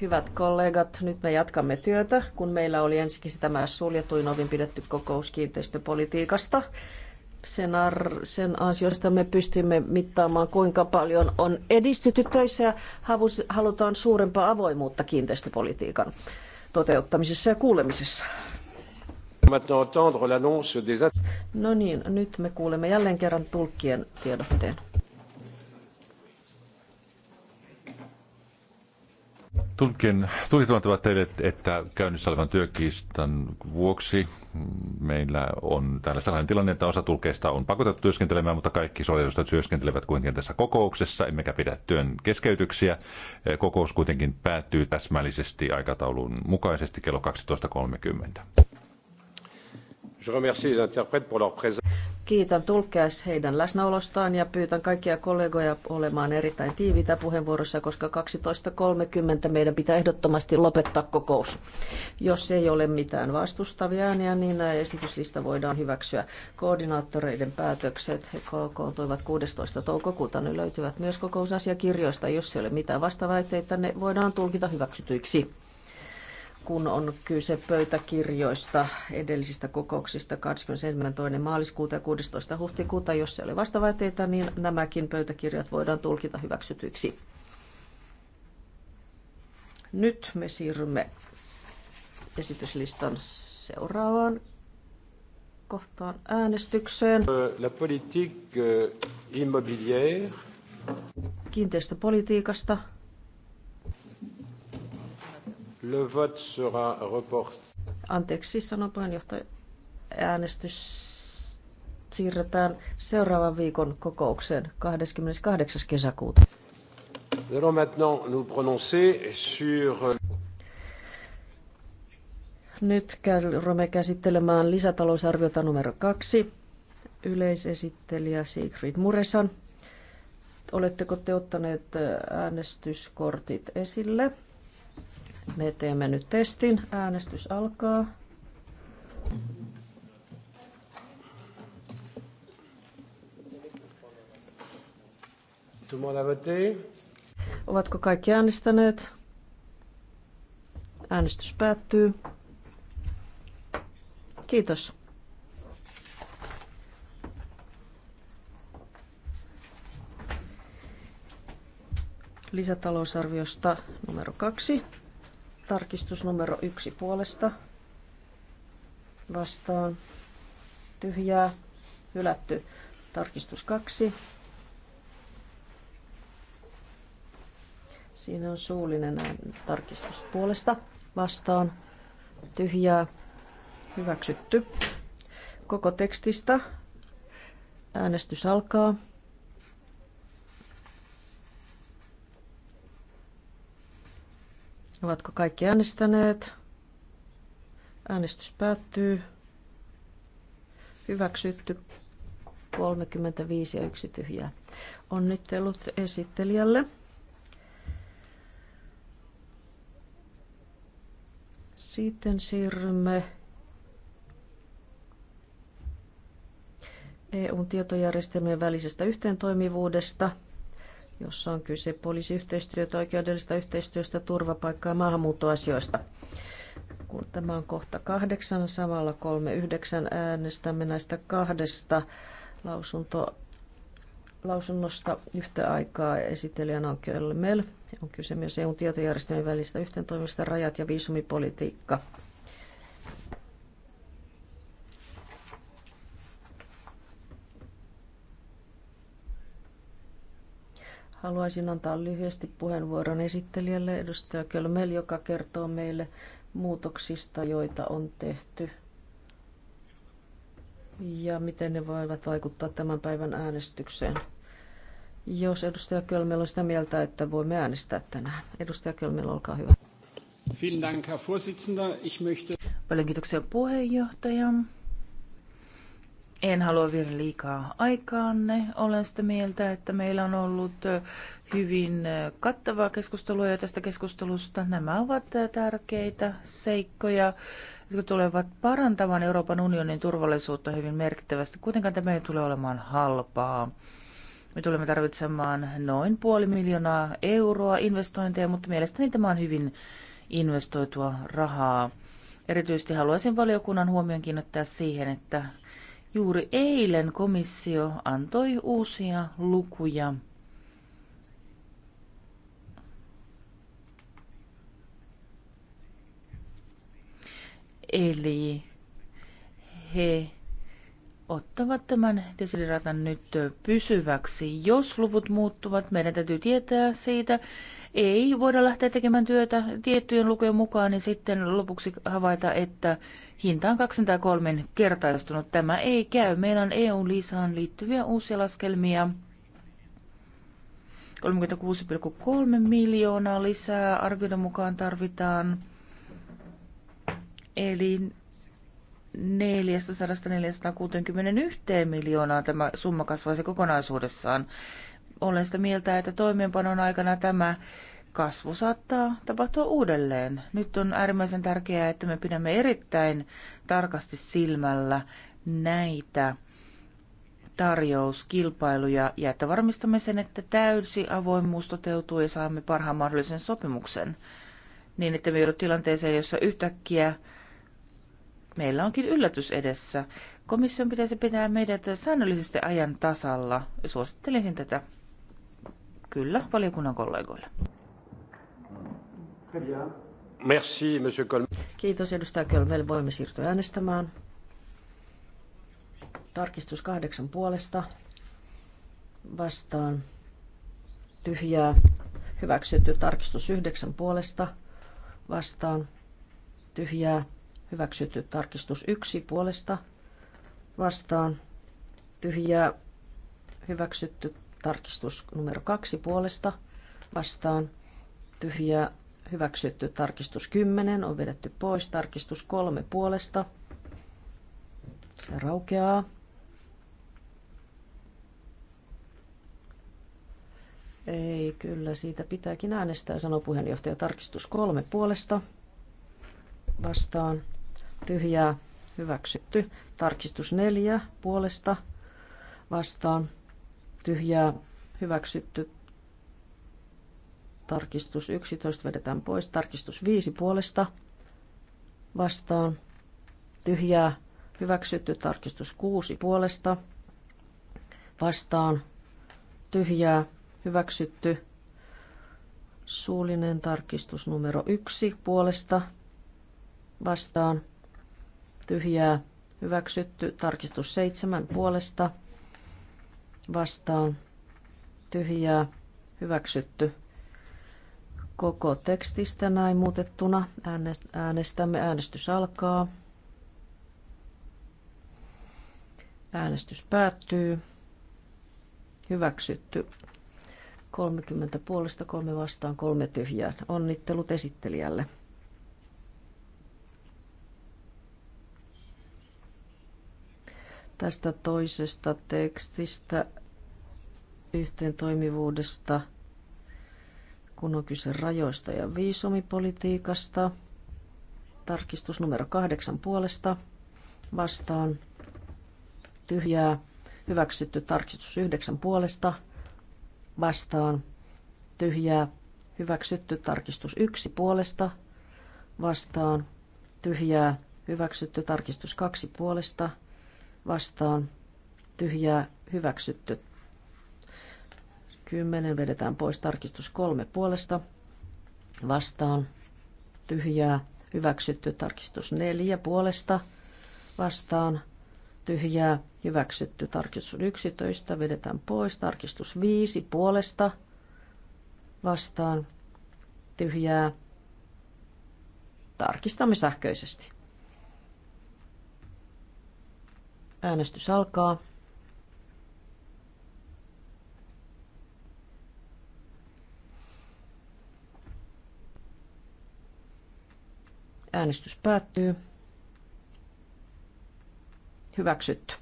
Hyvät kollegat, nyt me jatkamme työtä, kun meillä oli ensikin tämä suljetuin ovin pidetty kokous kiinteistöpolitiikasta. Sen, ar- sen ansiosta me pystymme mittaamaan, kuinka paljon on edistytty töissä ja havus- halutaan suurempaa avoimuutta kiinteistöpolitiikan toteuttamisessa ja kuulemisessa. No niin, nyt me kuulemme jälleen kerran tulkkien tiedotteen. Tulkin, tulkit ovat teille, että käynnissä olevan työkiistan vuoksi meillä on täällä sellainen tilanne, että osa tulkeista on pakotettu työskentelemään, mutta kaikki suojelusta työskentelevät kuitenkin tässä kokouksessa, emmekä pidä työn keskeytyksiä. Kokous kuitenkin päättyy täsmällisesti aikataulun mukaisesti kello 12.30. Kiitän tulkkeja heidän läsnäolostaan ja pyytän kaikkia kollegoja olemaan erittäin tiiviitä puheenvuorossa, koska 12.30 meidän pitää ehdottomasti lopettaa kokous. Jos ei ole mitään vastustavia ääniä, niin esityslista voidaan hyväksyä. Koordinaattoreiden päätökset he kokoontuivat 16. toukokuuta. Ne löytyvät myös kokousasiakirjoista. Jos ei ole mitään vastaväitteitä, ne voidaan tulkita hyväksytyiksi kun on kyse pöytäkirjoista edellisistä kokouksista 22. maaliskuuta ja 16. huhtikuuta. Jos se oli vastaväitteitä, niin nämäkin pöytäkirjat voidaan tulkita hyväksytyiksi. Nyt me siirrymme esityslistan seuraavaan kohtaan äänestykseen. La politique euh, immobilière. Kiinteistöpolitiikasta. Le vote sera report. Anteeksi, sanon puheenjohtaja. Äänestys siirretään seuraavan viikon kokoukseen 28. kesäkuuta. Nous allons maintenant nous prononcer sur nyt ruvetaan käsittelemään lisätalousarviota numero kaksi. Yleisesittelijä Sigrid Muresan. Oletteko te ottaneet äh, äänestyskortit esille? Me teemme nyt testin. Äänestys alkaa. Ovatko kaikki äänestäneet? Äänestys päättyy. Kiitos. Lisätalousarviosta numero kaksi. Tarkistus numero yksi puolesta. Vastaan. Tyhjää. Hylätty. Tarkistus kaksi. Siinä on suullinen tarkistus puolesta. Vastaan. Tyhjää. Hyväksytty. Koko tekstistä. Äänestys alkaa. Ovatko kaikki äänestäneet? Äänestys päättyy. Hyväksytty 35 ja yksi tyhjää. Onnittelut esittelijälle. Sitten siirrymme eu tietojärjestelmien välisestä yhteentoimivuudesta – jossa on kyse poliisiyhteistyötä, oikeudellista yhteistyöstä, turvapaikkaa ja maahanmuuttoasioista. Kun tämä on kohta kahdeksan, samalla kolme yhdeksän äänestämme näistä kahdesta lausunto, lausunnosta yhtä aikaa esittelijänä on Kölmel. On kyse myös eu tietojärjestelmien välistä yhteentoimista rajat ja viisumipolitiikka. Haluaisin antaa lyhyesti puheenvuoron esittelijälle edustaja Kölmel, joka kertoo meille muutoksista, joita on tehty ja miten ne voivat vaikuttaa tämän päivän äänestykseen. Jos edustaja Kölmel on sitä mieltä, että voimme äänestää tänään. Edustaja Kölmel, olkaa hyvä. Vielen Dank, Herr Vorsitzender. Ich möchte... Paljon kiitoksia puheenjohtaja. En halua viedä liikaa aikaanne. Olen sitä mieltä, että meillä on ollut hyvin kattavaa keskustelua jo tästä keskustelusta. Nämä ovat tärkeitä seikkoja, jotka tulevat parantamaan Euroopan unionin turvallisuutta hyvin merkittävästi. Kuitenkaan tämä ei tule olemaan halpaa. Me tulemme tarvitsemaan noin puoli miljoonaa euroa investointeja, mutta mielestäni tämä on hyvin investoitua rahaa. Erityisesti haluaisin valiokunnan huomioon kiinnittää siihen, että Juuri eilen komissio antoi uusia lukuja. Eli he ottavat tämän desiliratan nyt pysyväksi. Jos luvut muuttuvat, meidän täytyy tietää siitä. Ei voida lähteä tekemään työtä tiettyjen lukujen mukaan, niin sitten lopuksi havaita, että hinta on kaksin tai kolmen kertaistunut. Tämä ei käy. Meillä on EU-lisaan liittyviä uusia laskelmia. 36,3 miljoonaa lisää arvioiden mukaan tarvitaan. Eli 461 miljoonaa tämä summa kasvaisi kokonaisuudessaan. Olen sitä mieltä, että toimeenpanon aikana tämä kasvu saattaa tapahtua uudelleen. Nyt on äärimmäisen tärkeää, että me pidämme erittäin tarkasti silmällä näitä tarjouskilpailuja ja että varmistamme sen, että täysi avoimuus toteutuu ja saamme parhaan mahdollisen sopimuksen niin, että me joudut tilanteeseen, jossa yhtäkkiä meillä onkin yllätys edessä. Komission pitäisi pitää meidät säännöllisesti ajan tasalla. Suosittelisin tätä kyllä valiokunnan kollegoille. Merci, monsieur Kiitos edustaja Kölmel. Voimme siirtyä äänestämään. Tarkistus kahdeksan puolesta. Vastaan. Tyhjää. Hyväksytty tarkistus yhdeksän puolesta. Vastaan. Tyhjää Hyväksytty tarkistus 1 puolesta vastaan. Tyhjää. Hyväksytty tarkistus numero 2 puolesta vastaan. Tyhjää. Hyväksytty tarkistus 10 on vedetty pois. Tarkistus 3 puolesta. Se raukeaa. Ei, kyllä siitä pitääkin äänestää, sanoo puheenjohtaja tarkistus kolme puolesta vastaan tyhjää, hyväksytty. Tarkistus neljä puolesta vastaan, tyhjää, hyväksytty. Tarkistus 11 vedetään pois. Tarkistus 5 puolesta vastaan, tyhjää, hyväksytty. Tarkistus 6 puolesta vastaan, tyhjää, hyväksytty. Suullinen tarkistus numero 1 puolesta vastaan, tyhjää hyväksytty. Tarkistus seitsemän puolesta vastaan tyhjää hyväksytty. Koko tekstistä näin muutettuna äänestämme. Äänestys alkaa. Äänestys päättyy. Hyväksytty. 30 puolesta, 3 vastaan, 3 tyhjää. Onnittelut esittelijälle. tästä toisesta tekstistä yhteen toimivuudesta, kun on kyse rajoista ja viisumipolitiikasta. Tarkistus numero kahdeksan puolesta vastaan tyhjää. Hyväksytty tarkistus yhdeksän puolesta vastaan tyhjää. Hyväksytty tarkistus yksi puolesta vastaan tyhjää. Hyväksytty tarkistus kaksi puolesta vastaan tyhjää hyväksytty. 10 vedetään pois tarkistus kolme puolesta vastaan tyhjää hyväksytty tarkistus neljä puolesta vastaan tyhjää hyväksytty tarkistus 11 vedetään pois tarkistus 5 puolesta vastaan tyhjää tarkistamme sähköisesti. Äänestys alkaa. Äänestys päättyy. Hyväksytty.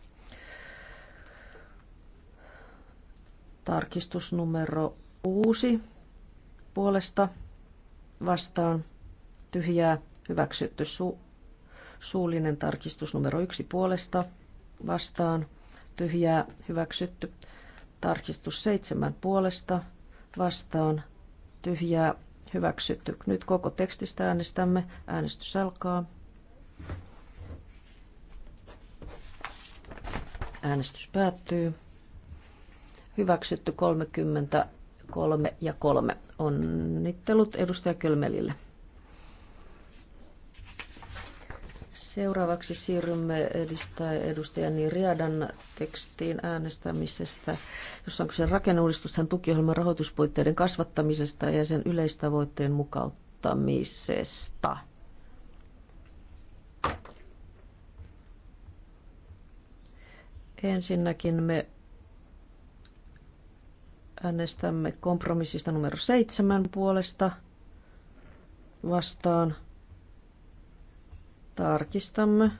Tarkistusnumero 6 puolesta vastaan tyhjää hyväksytty su- suullinen tarkistus numero 1 puolesta vastaan tyhjää hyväksytty. Tarkistus seitsemän puolesta vastaan tyhjää hyväksytty. Nyt koko tekstistä äänestämme. Äänestys alkaa. Äänestys päättyy. Hyväksytty 33 ja 3. Onnittelut edustaja Kylmelille. Seuraavaksi siirrymme edistää edustajan Riadan tekstiin äänestämisestä, jossa on kyse rakenneuudistuksen tukiohjelman rahoituspuitteiden kasvattamisesta ja sen yleistavoitteen mukauttamisesta. Ensinnäkin me äänestämme kompromissista numero seitsemän puolesta vastaan – Tarkistamme.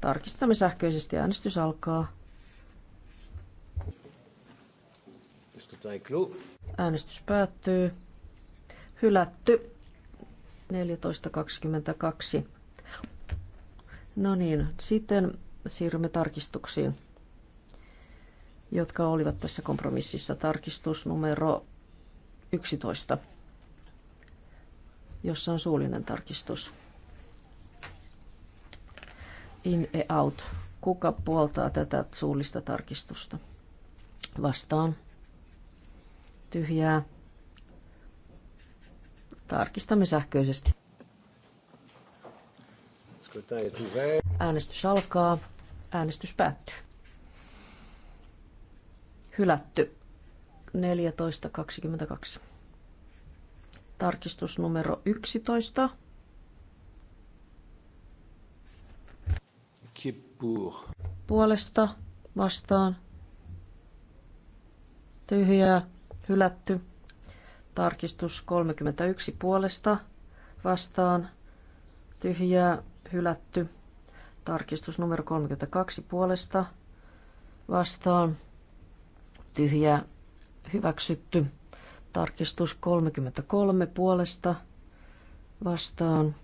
Tarkistamme sähköisesti. Äänestys alkaa. Äänestys päättyy. Hylätty. 14.22. No niin, sitten siirrymme tarkistuksiin, jotka olivat tässä kompromississa. Tarkistus numero 11 jossa on suullinen tarkistus. In e out. Kuka puoltaa tätä suullista tarkistusta? Vastaan. Tyhjää. Tarkistamme sähköisesti. Äänestys alkaa. Äänestys päättyy. Hylätty. 14.22. Tarkistus numero 11. Puolesta vastaan. Tyhjää, hylätty. Tarkistus 31 puolesta vastaan. Tyhjää, hylätty. Tarkistus numero 32 puolesta vastaan. Tyhjää, hyväksytty. Tarkistus 33 puolesta vastaan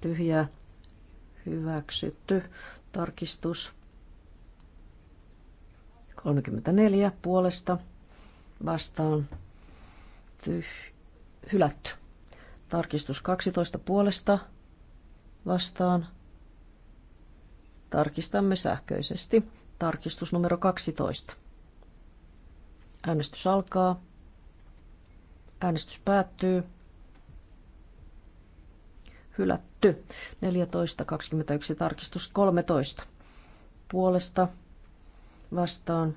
tyhjä, hyväksytty. Tarkistus 34 puolesta vastaan tyh- hylätty. Tarkistus 12 puolesta vastaan. Tarkistamme sähköisesti. Tarkistus numero 12. Äänestys alkaa. Äänestys päättyy. Hylätty. 14.21. Tarkistus 13. Puolesta vastaan.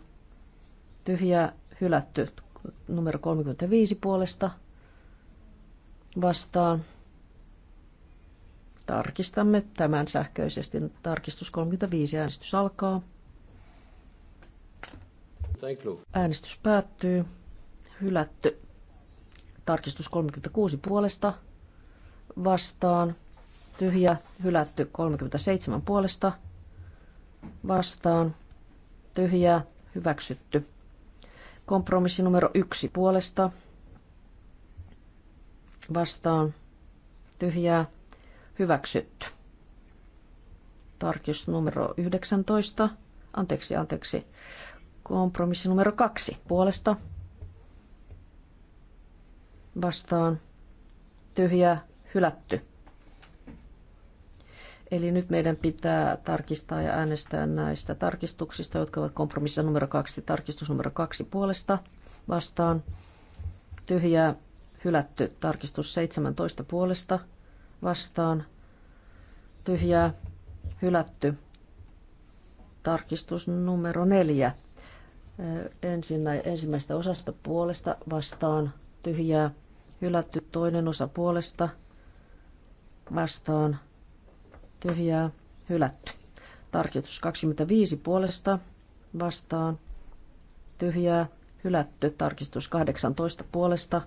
tyhjä hylätty. Numero 35 puolesta vastaan. Tarkistamme tämän sähköisesti. Tarkistus 35. Äänestys alkaa. Äänestys päättyy. Hylätty. Tarkistus 36 puolesta vastaan. Tyhjä hylätty 37 puolesta vastaan. tyhjä hyväksytty. Kompromissi numero 1 puolesta vastaan. Tyhjää hyväksytty. Tarkistus numero 19. Anteeksi, anteeksi. Kompromissi numero 2 puolesta vastaan tyhjä hylätty. Eli nyt meidän pitää tarkistaa ja äänestää näistä tarkistuksista, jotka ovat kompromissa numero kaksi, tarkistus numero kaksi puolesta vastaan. Tyhjää hylätty tarkistus 17 puolesta vastaan. Tyhjää hylätty tarkistus numero neljä. Ensinnä, ensimmäistä osasta puolesta vastaan tyhjää hylätty toinen osa puolesta vastaan tyhjää hylätty. Tarkistus 25 puolesta vastaan tyhjää hylätty. Tarkistus 18 puolesta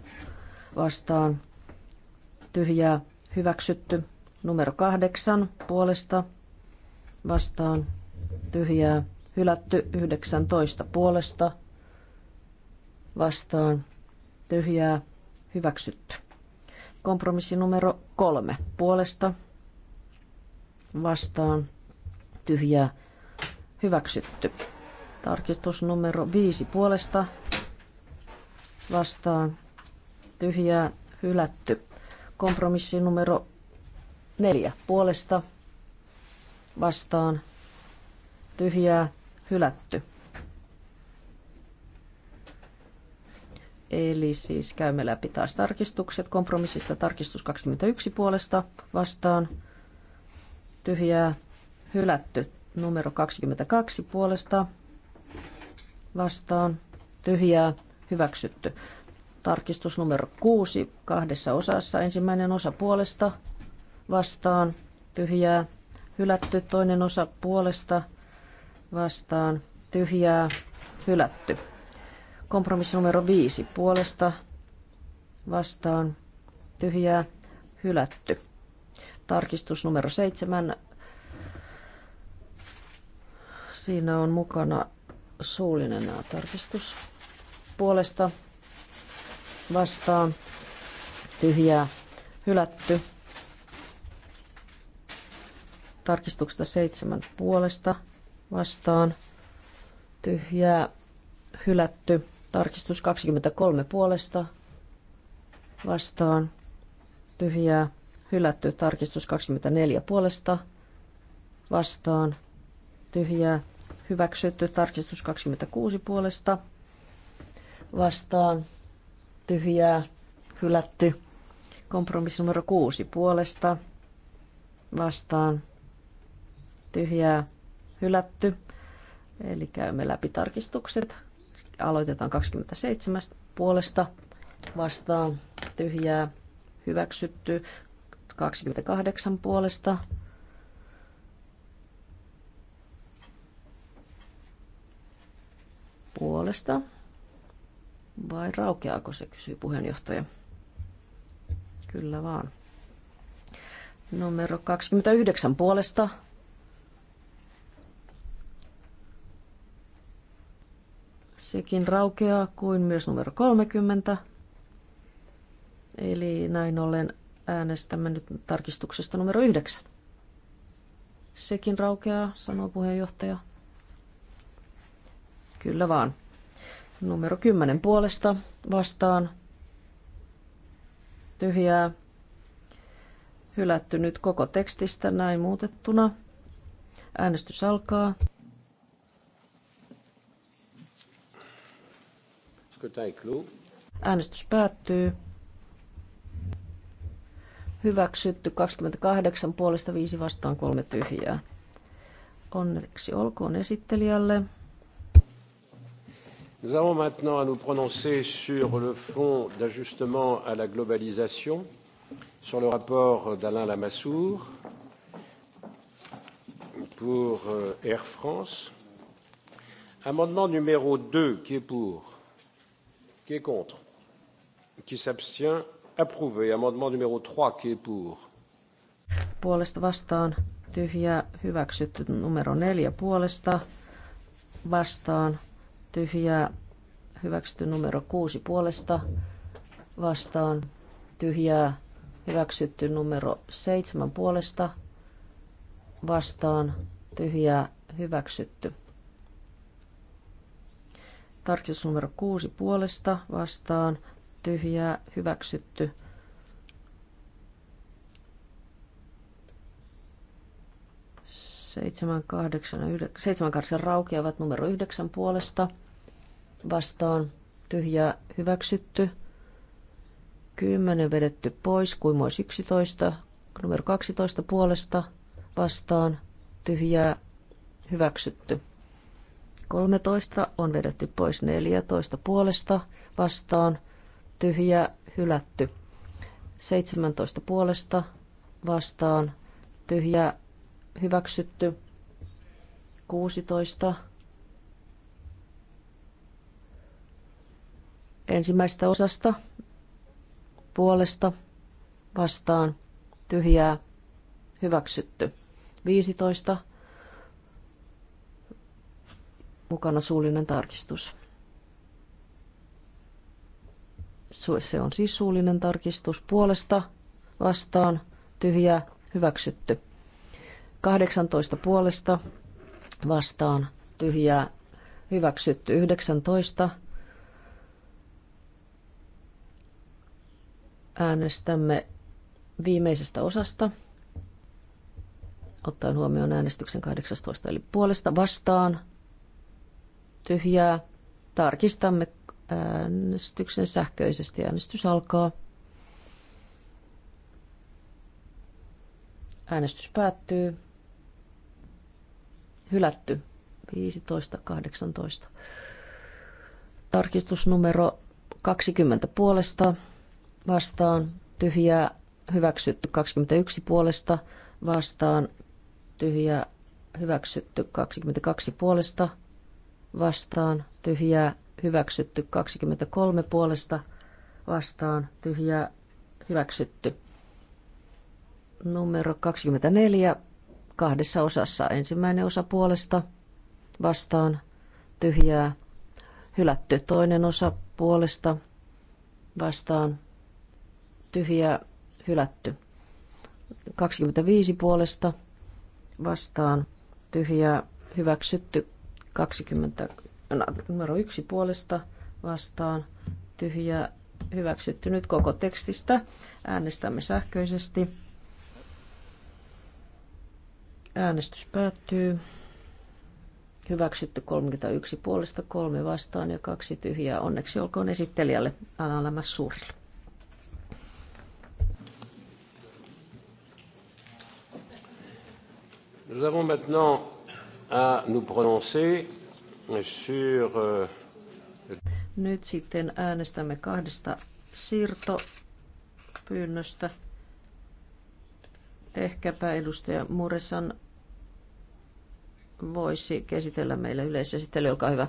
vastaan tyhjää hyväksytty. Numero 8 puolesta vastaan tyhjää hylätty. 19 puolesta vastaan tyhjää Hyväksytty. Kompromissi numero kolme. Puolesta vastaan tyhjää. Hyväksytty. Tarkistus numero viisi. Puolesta vastaan tyhjää. Hylätty. Kompromissi numero neljä. Puolesta vastaan tyhjää. Hylätty Eli siis käymme läpi taas tarkistukset. Kompromissista tarkistus 21 puolesta vastaan. Tyhjää hylätty. Numero 22 puolesta vastaan. Tyhjää hyväksytty. Tarkistus numero 6 kahdessa osassa. Ensimmäinen osa puolesta vastaan. Tyhjää hylätty. Toinen osa puolesta vastaan. Tyhjää hylätty. Kompromissi numero viisi puolesta vastaan tyhjää hylätty. Tarkistus numero seitsemän. Siinä on mukana suullinen tarkistus puolesta vastaan tyhjää hylätty. Tarkistuksesta seitsemän puolesta vastaan tyhjää hylätty. Tarkistus 23 puolesta vastaan. Tyhjää. Hylätty. Tarkistus 24 puolesta vastaan. Tyhjää. Hyväksytty. Tarkistus 26 puolesta vastaan. Tyhjää. Hylätty. Kompromissi numero 6 puolesta vastaan. Tyhjää. Hylätty. Eli käymme läpi tarkistukset Aloitetaan 27 puolesta vastaan tyhjää hyväksytty. 28 puolesta puolesta. Vai raukeaako se, kysyy puheenjohtaja. Kyllä vaan. Numero 29 puolesta Sekin raukeaa kuin myös numero 30. Eli näin ollen äänestämme nyt tarkistuksesta numero 9. Sekin raukeaa, sanoo puheenjohtaja. Kyllä vaan. Numero 10 puolesta vastaan. Tyhjää. Hylätty nyt koko tekstistä näin muutettuna. Äänestys alkaa. Äänestys päättyy. Hyväksytty 28 puolesta 5 vastaan 3 tyhjää. Onneksi olkoon esittelijälle. Nous allons maintenant à nous prononcer sur le fonds d'ajustement à la globalisation, sur le rapport d'Alain Lamassoure pour euh, Air France. Amendement numéro 2, qui est pour Qui est contre Qui s'abstient Approuvé. Amendement numéro 3, qui est pour Puolesta vastaan. tyhjä Hyväksytty. Numero 4 puolesta. Vastaan. tyhjä Hyväksytty numero 6 puolesta. Vastaan. Tyhjää. Hyväksytty numero 7 puolesta. Vastaan. Tyhjää. Hyväksytty. Tarkistus numero kuusi puolesta vastaan tyhjää hyväksytty. Seitsemän, kahdeksan, yhdeksän, seitsemän, kahdeksan raukeavat numero yhdeksän puolesta vastaan tyhjää hyväksytty. 10 vedetty pois, kuimois 11, numero 12 puolesta vastaan, tyhjää hyväksytty. 13 on vedetty pois 14 puolesta vastaan tyhjä hylätty. 17 puolesta vastaan tyhjä hyväksytty. 16 ensimmäistä osasta puolesta vastaan tyhjää hyväksytty. 15 mukana suullinen tarkistus. Se on siis suullinen tarkistus puolesta vastaan tyhjää hyväksytty. 18 puolesta vastaan tyhjää hyväksytty 19. Äänestämme viimeisestä osasta, ottaen huomioon äänestyksen 18, eli puolesta vastaan, tyhjää. Tarkistamme äh, äänestyksen sähköisesti. Äänestys alkaa. Äänestys päättyy. Hylätty. 15.18. Tarkistus numero 20 puolesta vastaan tyhjää hyväksytty 21 puolesta vastaan tyhjää hyväksytty 22 puolesta vastaan tyhjää hyväksytty. 23 puolesta vastaan tyhjää hyväksytty. Numero 24 kahdessa osassa. Ensimmäinen osa puolesta vastaan tyhjää hylätty. Toinen osa puolesta vastaan tyhjää hylätty. 25 puolesta vastaan tyhjää hyväksytty 20, no, numero yksi puolesta vastaan tyhjää hyväksytty nyt koko tekstistä. Äänestämme sähköisesti. Äänestys päättyy. Hyväksytty 31 puolesta, kolme vastaan ja kaksi tyhjää. Onneksi olkoon esittelijälle Alalämä Suurille. Nous avons maintenant à nous prononcer sur... Euh, Nyt sitten äänestämme kahdesta siirtopyynnöstä. Ehkäpä edustaja Muresan voisi käsitellä meillä yleisesittely. Olkaa hyvä.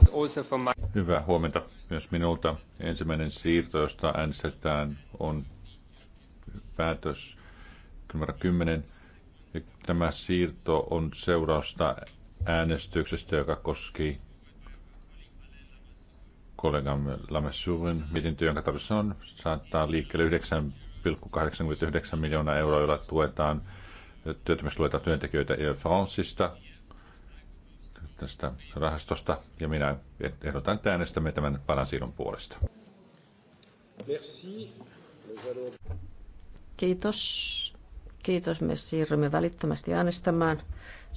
Hyvää huomenta myös minulta. Ensimmäinen siirto, josta äänestetään, on päätös numero 10. Tämä siirto on seurausta äänestyksestä, joka koski kollegamme Lamessuurin mietintö, jonka tarvissa on saattaa liikkeelle 9,89 miljoonaa euroa, jolla tuetaan työttömyysluetaan työntekijöitä Air Franceista tästä rahastosta, ja minä ehdotan, että äänestämme tämän palansiirron puolesta. Merci. Kiitos. Kiitos. Me siirrymme välittömästi äänestämään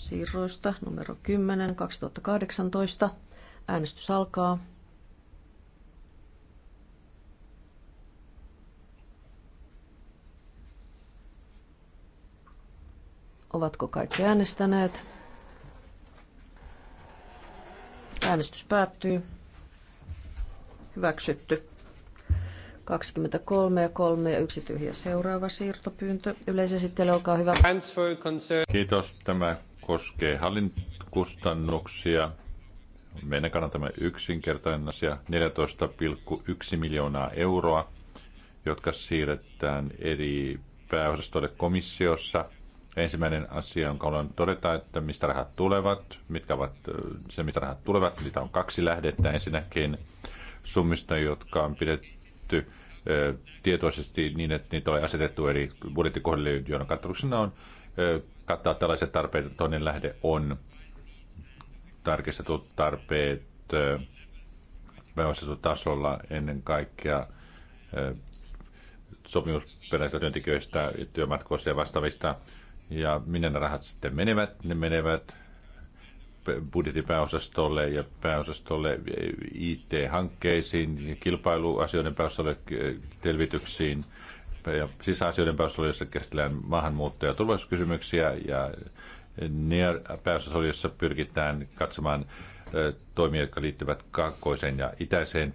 siirroista numero 10 2018. Äänestys alkaa. Ovatko kaikki äänestäneet? Äänestys päättyy. Hyväksytty. 23 ja 3 ja yksi tyhjä seuraava siirtopyyntö. Yleisesittely, olkaa hyvä. Kiitos. Tämä koskee hallintokustannuksia. Meidän kannaltamme yksinkertainen asia, 14,1 miljoonaa euroa, jotka siirretään eri pääosastoille komissiossa. Ensimmäinen asia, jonka haluan todeta, että mistä rahat tulevat, mitkä ovat se, mistä rahat tulevat. Niitä on kaksi lähdettä. Ensinnäkin summista, jotka on pidetty tietoisesti niin, että niitä oli asetettu eri budjettikohdille, joiden kattauksena on kattaa tällaiset tarpeet. Toinen lähde on tarkistetut tarpeet pääosaston tasolla ennen kaikkea sopimusperäisistä työntekijöistä, työmatkoista ja vastaavista. Ja minne ne rahat sitten menevät? Ne menevät budjettipääosastolle ja pääosastolle IT-hankkeisiin, kilpailuasioiden pääosastolle selvityksiin – ja sisäasioiden pääosassa käsitellään maahanmuutto- ja turvallisuuskysymyksiä ja NIR pääosassa pyrkitään katsomaan toimia, jotka liittyvät kaakkoiseen ja itäiseen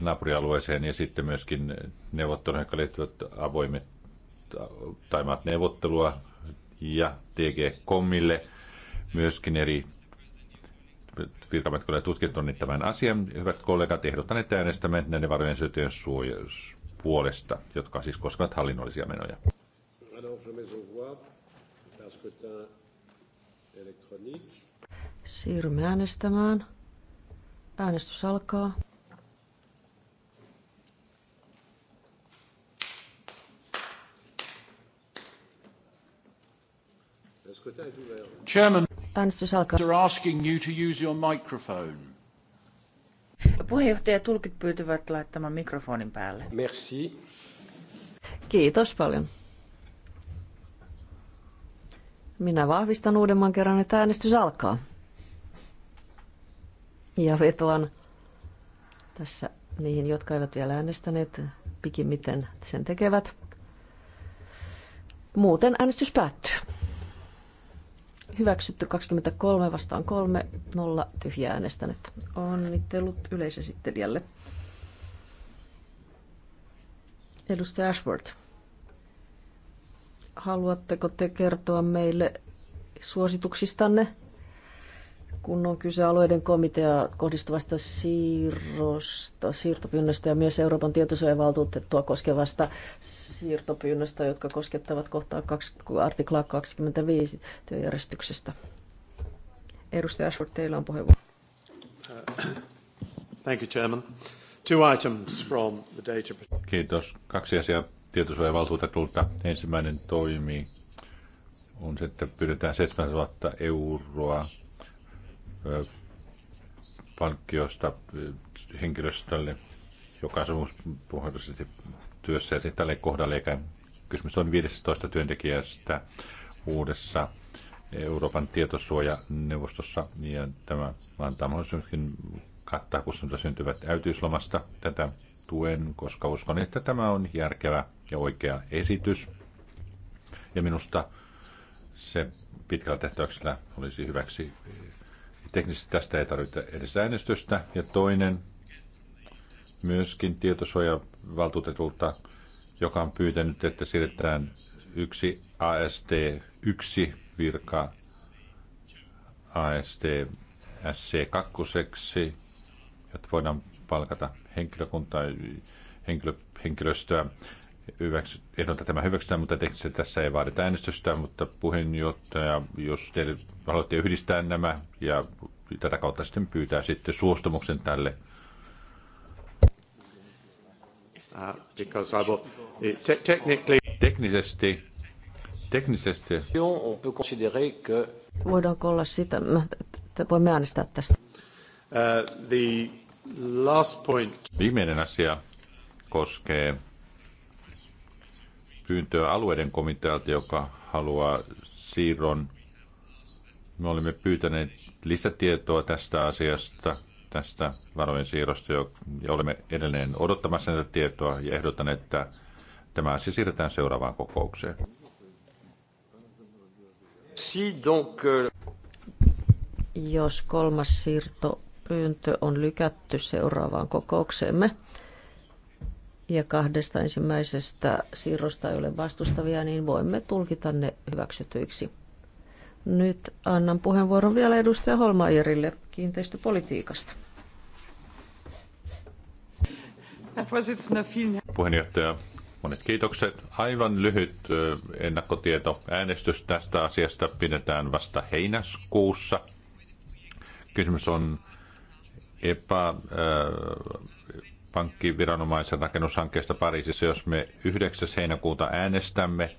naapurialueeseen ja sitten myöskin neuvotteluihin, jotka liittyvät avoimet taimaat neuvottelua ja DG-kommille myöskin eri virkamiehet, tutkittu niin tämän asian. Hyvät kollegat, ehdotan, että äänestämme näiden varojen syötyjen suojelussa puolesta, jotka siis koskevat hallinnollisia menoja. Siirrymme äänestämään. Äänestys alkaa. Chairman, Äänestys alkaa. are asking you to use your microphone. Puheenjohtaja tulkit pyytävät laittamaan mikrofonin päälle. Merci. Kiitos paljon. Minä vahvistan uudemman kerran, että äänestys alkaa. Ja vetoan tässä niihin, jotka eivät vielä äänestäneet, pikimmiten sen tekevät. Muuten äänestys päättyy hyväksytty 23 vastaan 3, 0 tyhjää äänestänyt. Onnittelut yleisesittelijälle. Edustaja Ashworth, haluatteko te kertoa meille suosituksistanne? kun on kyse alueiden komitea kohdistuvasta siirrosta, siirtopyynnöstä ja myös Euroopan tietosuojavaltuutettua koskevasta siirtopyynnöstä, jotka koskettavat kohtaa 2, artiklaa 25 työjärjestyksestä. Edustaja Ashford, teillä on puheenvuoro. Uh, thank you, Chairman. Two items from the data... Kiitos. Kaksi asiaa tietosuojavaltuutetulta. Ensimmäinen toimii on se, että pyydetään 7000 euroa palkkiosta henkilöstölle, joka puheenjohtaisesti työssä ja tälle kohdalle, eikä kysymys on 15 työntekijästä uudessa Euroopan tietosuojaneuvostossa, ja tämä antaa mahdollisuuskin kattaa kustannukset syntyvät äytyyslomasta Tätä tuen, koska uskon, että tämä on järkevä ja oikea esitys. Ja minusta se pitkällä tähtäyksellä olisi hyväksi Teknisesti tästä ei tarvita edes äänestystä. Ja toinen myöskin tietosuojavaltuutetulta, joka on pyytänyt, että siirretään yksi AST1 virka AST SC2, jotta voidaan palkata henkilökuntaa, henkilö, henkilöstöä hyväksy, ehdon, tämä hyväksytään, mutta teknisesti tässä ei vaadita äänestystä, mutta puheenjohtaja, jos te haluatte yhdistää nämä ja tätä kautta sitten pyytää sitten suostumuksen tälle. Uh, eh, teknisesti teknisesti. Voidaanko olla sitä, että voimme äänestää tästä? Uh, Viimeinen asia koskee pyyntöä alueiden komitealta, joka haluaa siirron. Me olemme pyytäneet lisätietoa tästä asiasta, tästä varojen siirrosta, ja olemme edelleen odottamassa näitä tietoa ja ehdotan, että tämä asia siirretään seuraavaan kokoukseen. Euh, Jos kolmas siirtopyyntö on lykätty seuraavaan kokoukseemme, ja kahdesta ensimmäisestä siirrosta ei ole vastustavia, niin voimme tulkita ne hyväksytyiksi. Nyt annan puheenvuoron vielä edustaja Holmaierille kiinteistöpolitiikasta. Puheenjohtaja, monet kiitokset. Aivan lyhyt ennakkotieto. Äänestys tästä asiasta pidetään vasta heinäskuussa. Kysymys on epä... Äh, pankkiviranomaisen rakennushankkeesta Pariisissa. Jos me 9. heinäkuuta äänestämme,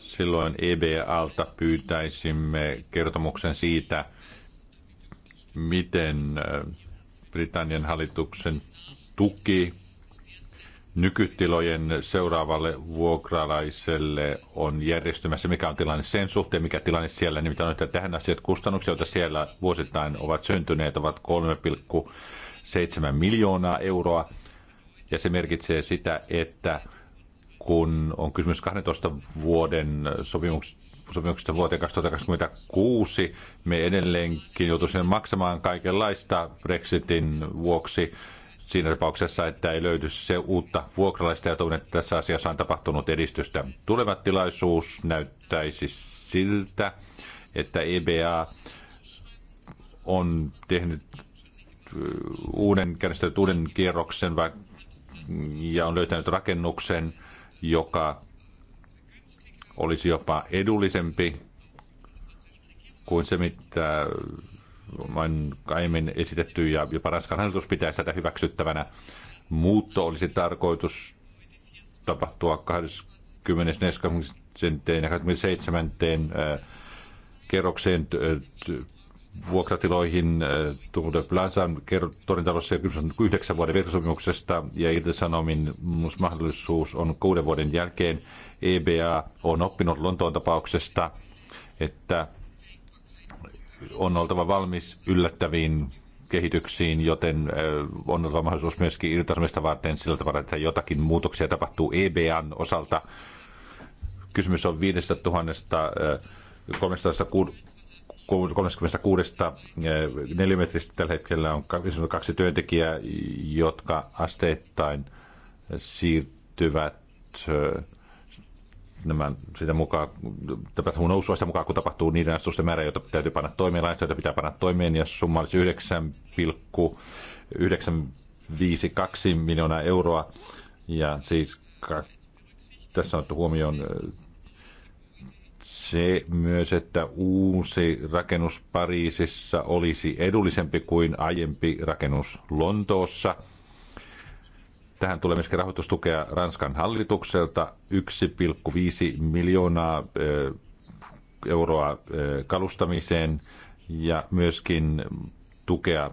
silloin EBAlta pyytäisimme kertomuksen siitä, miten Britannian hallituksen tuki nykytilojen seuraavalle vuokralaiselle on järjestymässä, mikä on tilanne sen suhteen, mikä tilanne siellä, niin on, että tähän asiat kustannuksia, joita siellä vuosittain ovat syntyneet, ovat 3,7 miljoonaa euroa. Ja se merkitsee sitä, että kun on kysymys 12 vuoden sopimuksesta vuoteen 2026, me edelleenkin joutuisimme maksamaan kaikenlaista Brexitin vuoksi siinä tapauksessa, että ei löydy se uutta vuokralaista ja toivon, että tässä asiassa on tapahtunut edistystä. Tuleva tilaisuus näyttäisi siltä, että EBA on tehnyt uuden, uuden kierroksen, vaikka ja on löytänyt rakennuksen, joka olisi jopa edullisempi kuin se, mitä vain aiemmin esitetty ja jopa Ranskan hallitus pitää sitä hyväksyttävänä. Muutto olisi tarkoitus tapahtua 24. ja 27. Äh, kerrokseen äh, vuokratiloihin äh, Tour de Plazan torintalossa ja kysymys on yhdeksän vuoden virkasopimuksesta ja irtisanomin mahdollisuus on kuuden vuoden jälkeen. EBA on oppinut Lontoon tapauksesta, että on oltava valmis yllättäviin kehityksiin, joten äh, on oltava mahdollisuus myöskin irtisanomista varten sillä tavalla, että jotakin muutoksia tapahtuu EBAn osalta. Kysymys on 5000 360 36 eh, neliömetristä tällä hetkellä on kaksi työntekijää, jotka asteittain siirtyvät eh, nämä, sitä mukaan, tapahtuu nousua sitä mukaan, kun tapahtuu niiden astusten määrä, joita täytyy panna toimeen, joita pitää panna toimeen, ja summa olisi 9,952 miljoonaa euroa, ja siis tässä on otettu huomioon eh, se myös, että uusi rakennus Pariisissa olisi edullisempi kuin aiempi rakennus Lontoossa. Tähän tulee myöskin rahoitustukea Ranskan hallitukselta 1,5 miljoonaa eh, euroa eh, kalustamiseen ja myöskin tukea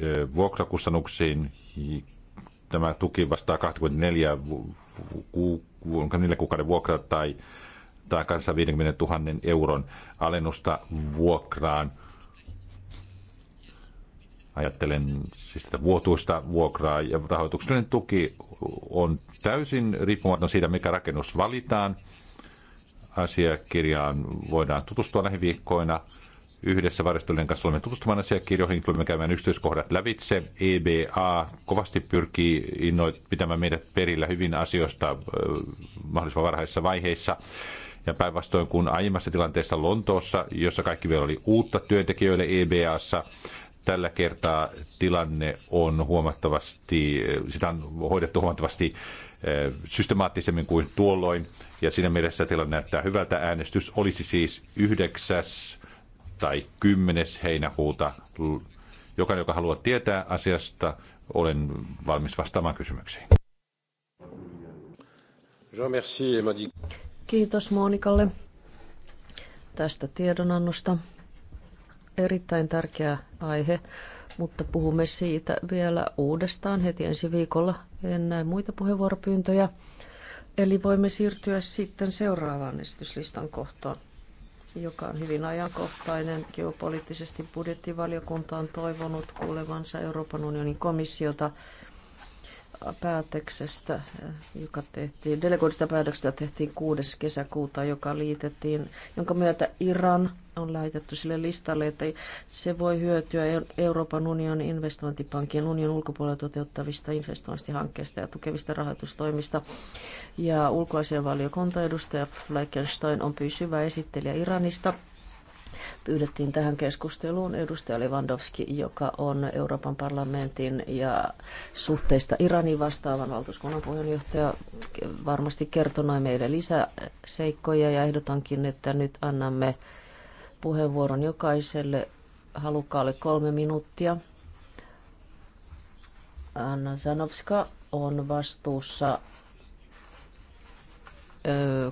eh, vuokrakustannuksiin. Tämä tuki vastaa 24 kuukauden vuokra tai ehdottaa 250 000 euron alennusta vuokraan. Ajattelen siis tätä vuotuista vuokraa ja rahoituksellinen tuki on täysin riippumaton siitä, mikä rakennus valitaan. Asiakirjaan voidaan tutustua lähiviikkoina. Yhdessä varjostollinen kanssa olemme tutustumaan asiakirjoihin, tulemme käymään yksityiskohdat lävitse. EBA kovasti pyrkii innoit pitämään meidät perillä hyvin asioista mahdollisimman varhaisissa vaiheissa. Ja päinvastoin kuin aiemmassa tilanteessa Lontoossa, jossa kaikki vielä oli uutta työntekijöille EBAssa, tällä kertaa tilanne on huomattavasti, sitä on hoidettu huomattavasti eh, systemaattisemmin kuin tuolloin, ja siinä mielessä tilanne näyttää hyvältä. Äänestys olisi siis 9. tai 10. heinäkuuta. Jokainen, joka haluaa tietää asiasta, olen valmis vastaamaan kysymyksiin. Kiitos Monikalle tästä tiedonannosta. Erittäin tärkeä aihe, mutta puhumme siitä vielä uudestaan heti ensi viikolla. En näe muita puheenvuoropyyntöjä. Eli voimme siirtyä sitten seuraavaan esityslistan kohtaan, joka on hyvin ajankohtainen. Geopoliittisesti budjettivaliokunta on toivonut kuulevansa Euroopan unionin komissiota päätöksestä, joka tehtiin, delegoidusta päätöksestä tehtiin 6. kesäkuuta, joka liitettiin, jonka myötä Iran on laitettu sille listalle, että se voi hyötyä Euroopan unionin investointipankin union ulkopuolella toteuttavista investointihankkeista ja tukevista rahoitustoimista. Ja ulkoasianvaliokunta edustaja Fleckenstein on pysyvä esittelijä Iranista – Pyydettiin tähän keskusteluun edustaja Lewandowski, joka on Euroopan parlamentin ja suhteista Iranin vastaavan valtuuskunnan puheenjohtaja. Varmasti kertonoi meille lisäseikkoja ja ehdotankin, että nyt annamme puheenvuoron jokaiselle halukkaalle kolme minuuttia. Anna Zanovska on vastuussa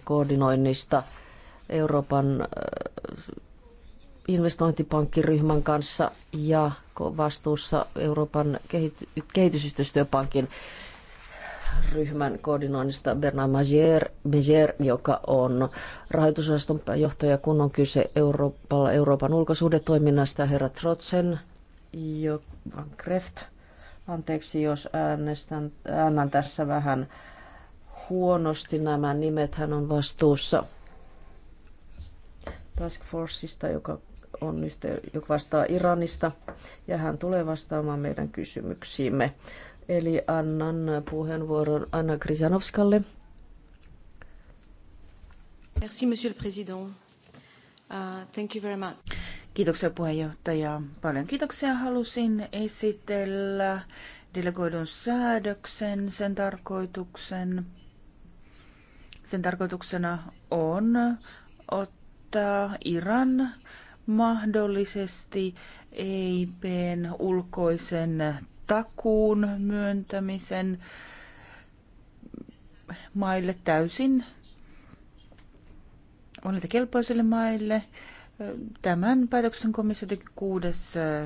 koordinoinnista Euroopan investointipankkiryhmän kanssa ja vastuussa Euroopan kehitysyhteistyöpankin ryhmän koordinoinnista Bernard Mazier, Mazier joka on rahoitusosaston johtaja, kun on kyse Euroopalla, Euroopan ulkosuhdetoiminnasta, herra Trotsen, jo, Van Kreft. Anteeksi, jos äänestän, äänän tässä vähän huonosti nämä nimet. Hän on vastuussa Task Forceista, joka on nyt joka vastaa Iranista, ja hän tulee vastaamaan meidän kysymyksiimme. Eli annan puheenvuoron Anna Krisanovskalle. Merci, monsieur le président. Uh, thank you very much. Kiitoksia puheenjohtaja. Paljon kiitoksia. Halusin esitellä delegoidun säädöksen, sen tarkoituksen. Sen tarkoituksena on ottaa Iran mahdollisesti EIPn ulkoisen takuun myöntämisen maille täysin monilta kelpoisille maille. Tämän päätöksen komissio teki 6.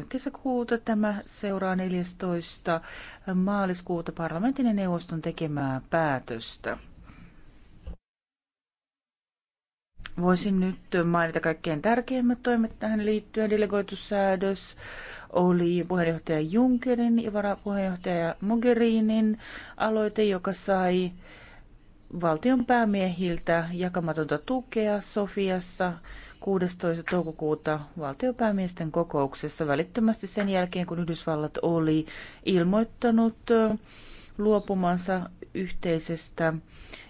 kesäkuuta. Tämä seuraa 14. maaliskuuta parlamentin ja neuvoston tekemää päätöstä. Voisin nyt mainita kaikkein tärkeimmät toimet tähän liittyen. Delegoitussäädös oli puheenjohtaja Junckerin ja varapuheenjohtaja Mogherinin aloite, joka sai valtion päämiehiltä jakamatonta tukea Sofiassa 16. toukokuuta valtiopäämiesten kokouksessa välittömästi sen jälkeen, kun Yhdysvallat oli ilmoittanut luopumansa yhteisestä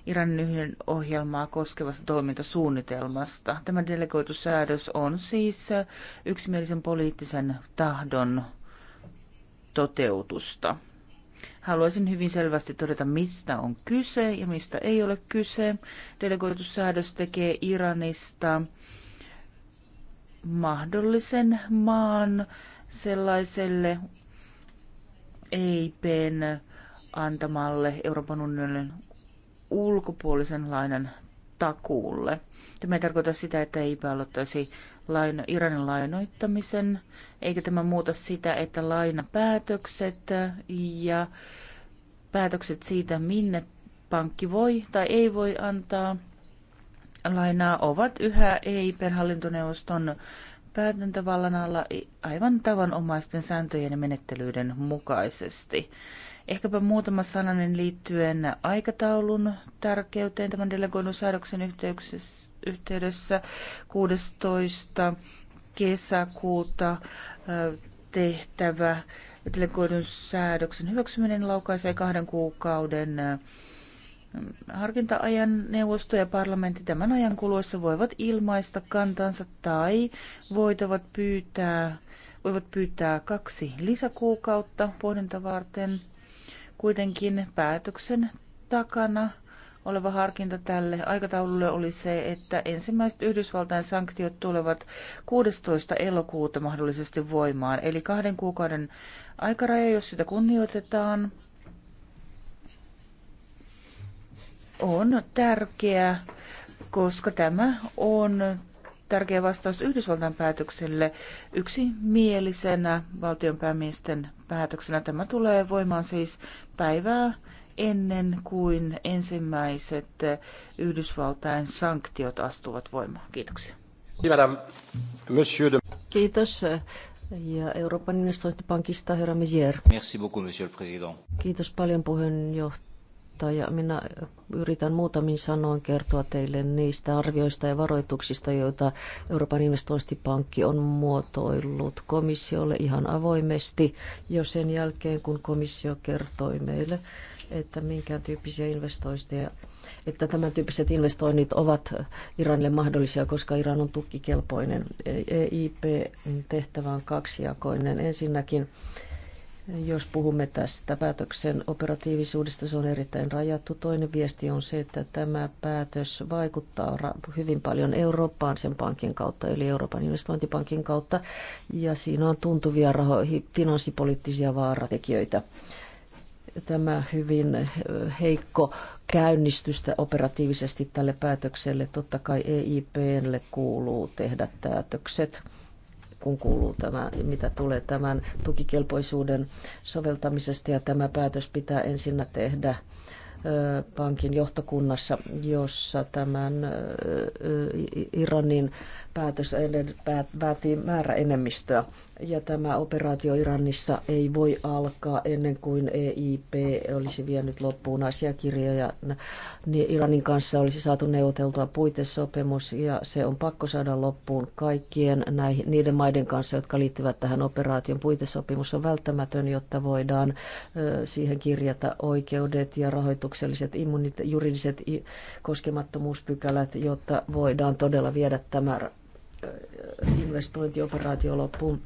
Iranin yhden ohjelmaa koskevasta toimintasuunnitelmasta. Tämä delegoitu säädös on siis yksimielisen poliittisen tahdon toteutusta. Haluaisin hyvin selvästi todeta, mistä on kyse ja mistä ei ole kyse. Delegoitu säädös tekee Iranista mahdollisen maan sellaiselle EIPn antamalle Euroopan unionin ulkopuolisen lainan takuulle. Tämä ei tarkoita sitä, että EIP aloittaisi laino, Iranin lainoittamisen, eikä tämä muuta sitä, että lainapäätökset ja päätökset siitä, minne pankki voi tai ei voi antaa lainaa, ovat yhä ei hallintoneuvoston päätäntävallan alla e- aivan tavanomaisten sääntöjen ja menettelyiden mukaisesti. Ehkäpä muutama sananen liittyen aikataulun tärkeyteen tämän delegoidun säädöksen yhteydessä 16. kesäkuuta tehtävä delegoidun säädöksen hyväksyminen laukaisee kahden kuukauden harkinta-ajan neuvosto ja parlamentti tämän ajan kuluessa voivat ilmaista kantansa tai voitavat pyytää, voivat pyytää kaksi lisäkuukautta pohdinta varten. Kuitenkin päätöksen takana oleva harkinta tälle aikataululle oli se, että ensimmäiset Yhdysvaltain sanktiot tulevat 16. elokuuta mahdollisesti voimaan, eli kahden kuukauden aikaraja, jos sitä kunnioitetaan, on tärkeä, koska tämä on tärkeä vastaus Yhdysvaltain päätökselle yksimielisenä valtionpäämiesten päätöksenä. Tämä tulee voimaan siis päivää ennen kuin ensimmäiset Yhdysvaltain sanktiot astuvat voimaan. Kiitoksia. Kiitos. Ja Euroopan investointipankista herra Mizier. Merci beaucoup, monsieur le président. Kiitos paljon puheenjohtaja mutta ja minä yritän muutamin sanoin kertoa teille niistä arvioista ja varoituksista, joita Euroopan investointipankki on muotoillut komissiolle ihan avoimesti jo sen jälkeen, kun komissio kertoi meille, että minkä tyyppisiä investointeja että tämän tyyppiset investoinnit ovat Iranille mahdollisia, koska Iran on tukikelpoinen. EIP-tehtävä e on kaksijakoinen. Ensinnäkin jos puhumme tästä päätöksen operatiivisuudesta, se on erittäin rajattu. Toinen viesti on se, että tämä päätös vaikuttaa hyvin paljon Eurooppaan sen pankin kautta, eli Euroopan investointipankin kautta, ja siinä on tuntuvia rahoihin finanssipoliittisia vaaratekijöitä. Tämä hyvin eh, heikko käynnistystä operatiivisesti tälle päätökselle totta kai EIPlle kuuluu tehdä päätökset kun kuuluu tämä, mitä tulee tämän tukikelpoisuuden soveltamisesta. Ja tämä päätös pitää ensinnä tehdä pankin johtokunnassa, jossa tämän Iranin päätös päätti määräenemmistöä. Ja tämä operaatio Iranissa ei voi alkaa ennen kuin EIP olisi vienyt loppuun asiakirjoja. Niin Iranin kanssa olisi saatu neuvoteltua puitesopimus ja se on pakko saada loppuun kaikkien näihin, niiden maiden kanssa, jotka liittyvät tähän operaation. Puitesopimus on välttämätön, jotta voidaan siihen kirjata oikeudet ja rahoitukselliset immunit, juridiset koskemattomuuspykälät, jotta voidaan todella viedä tämä investointioperaatio loppuun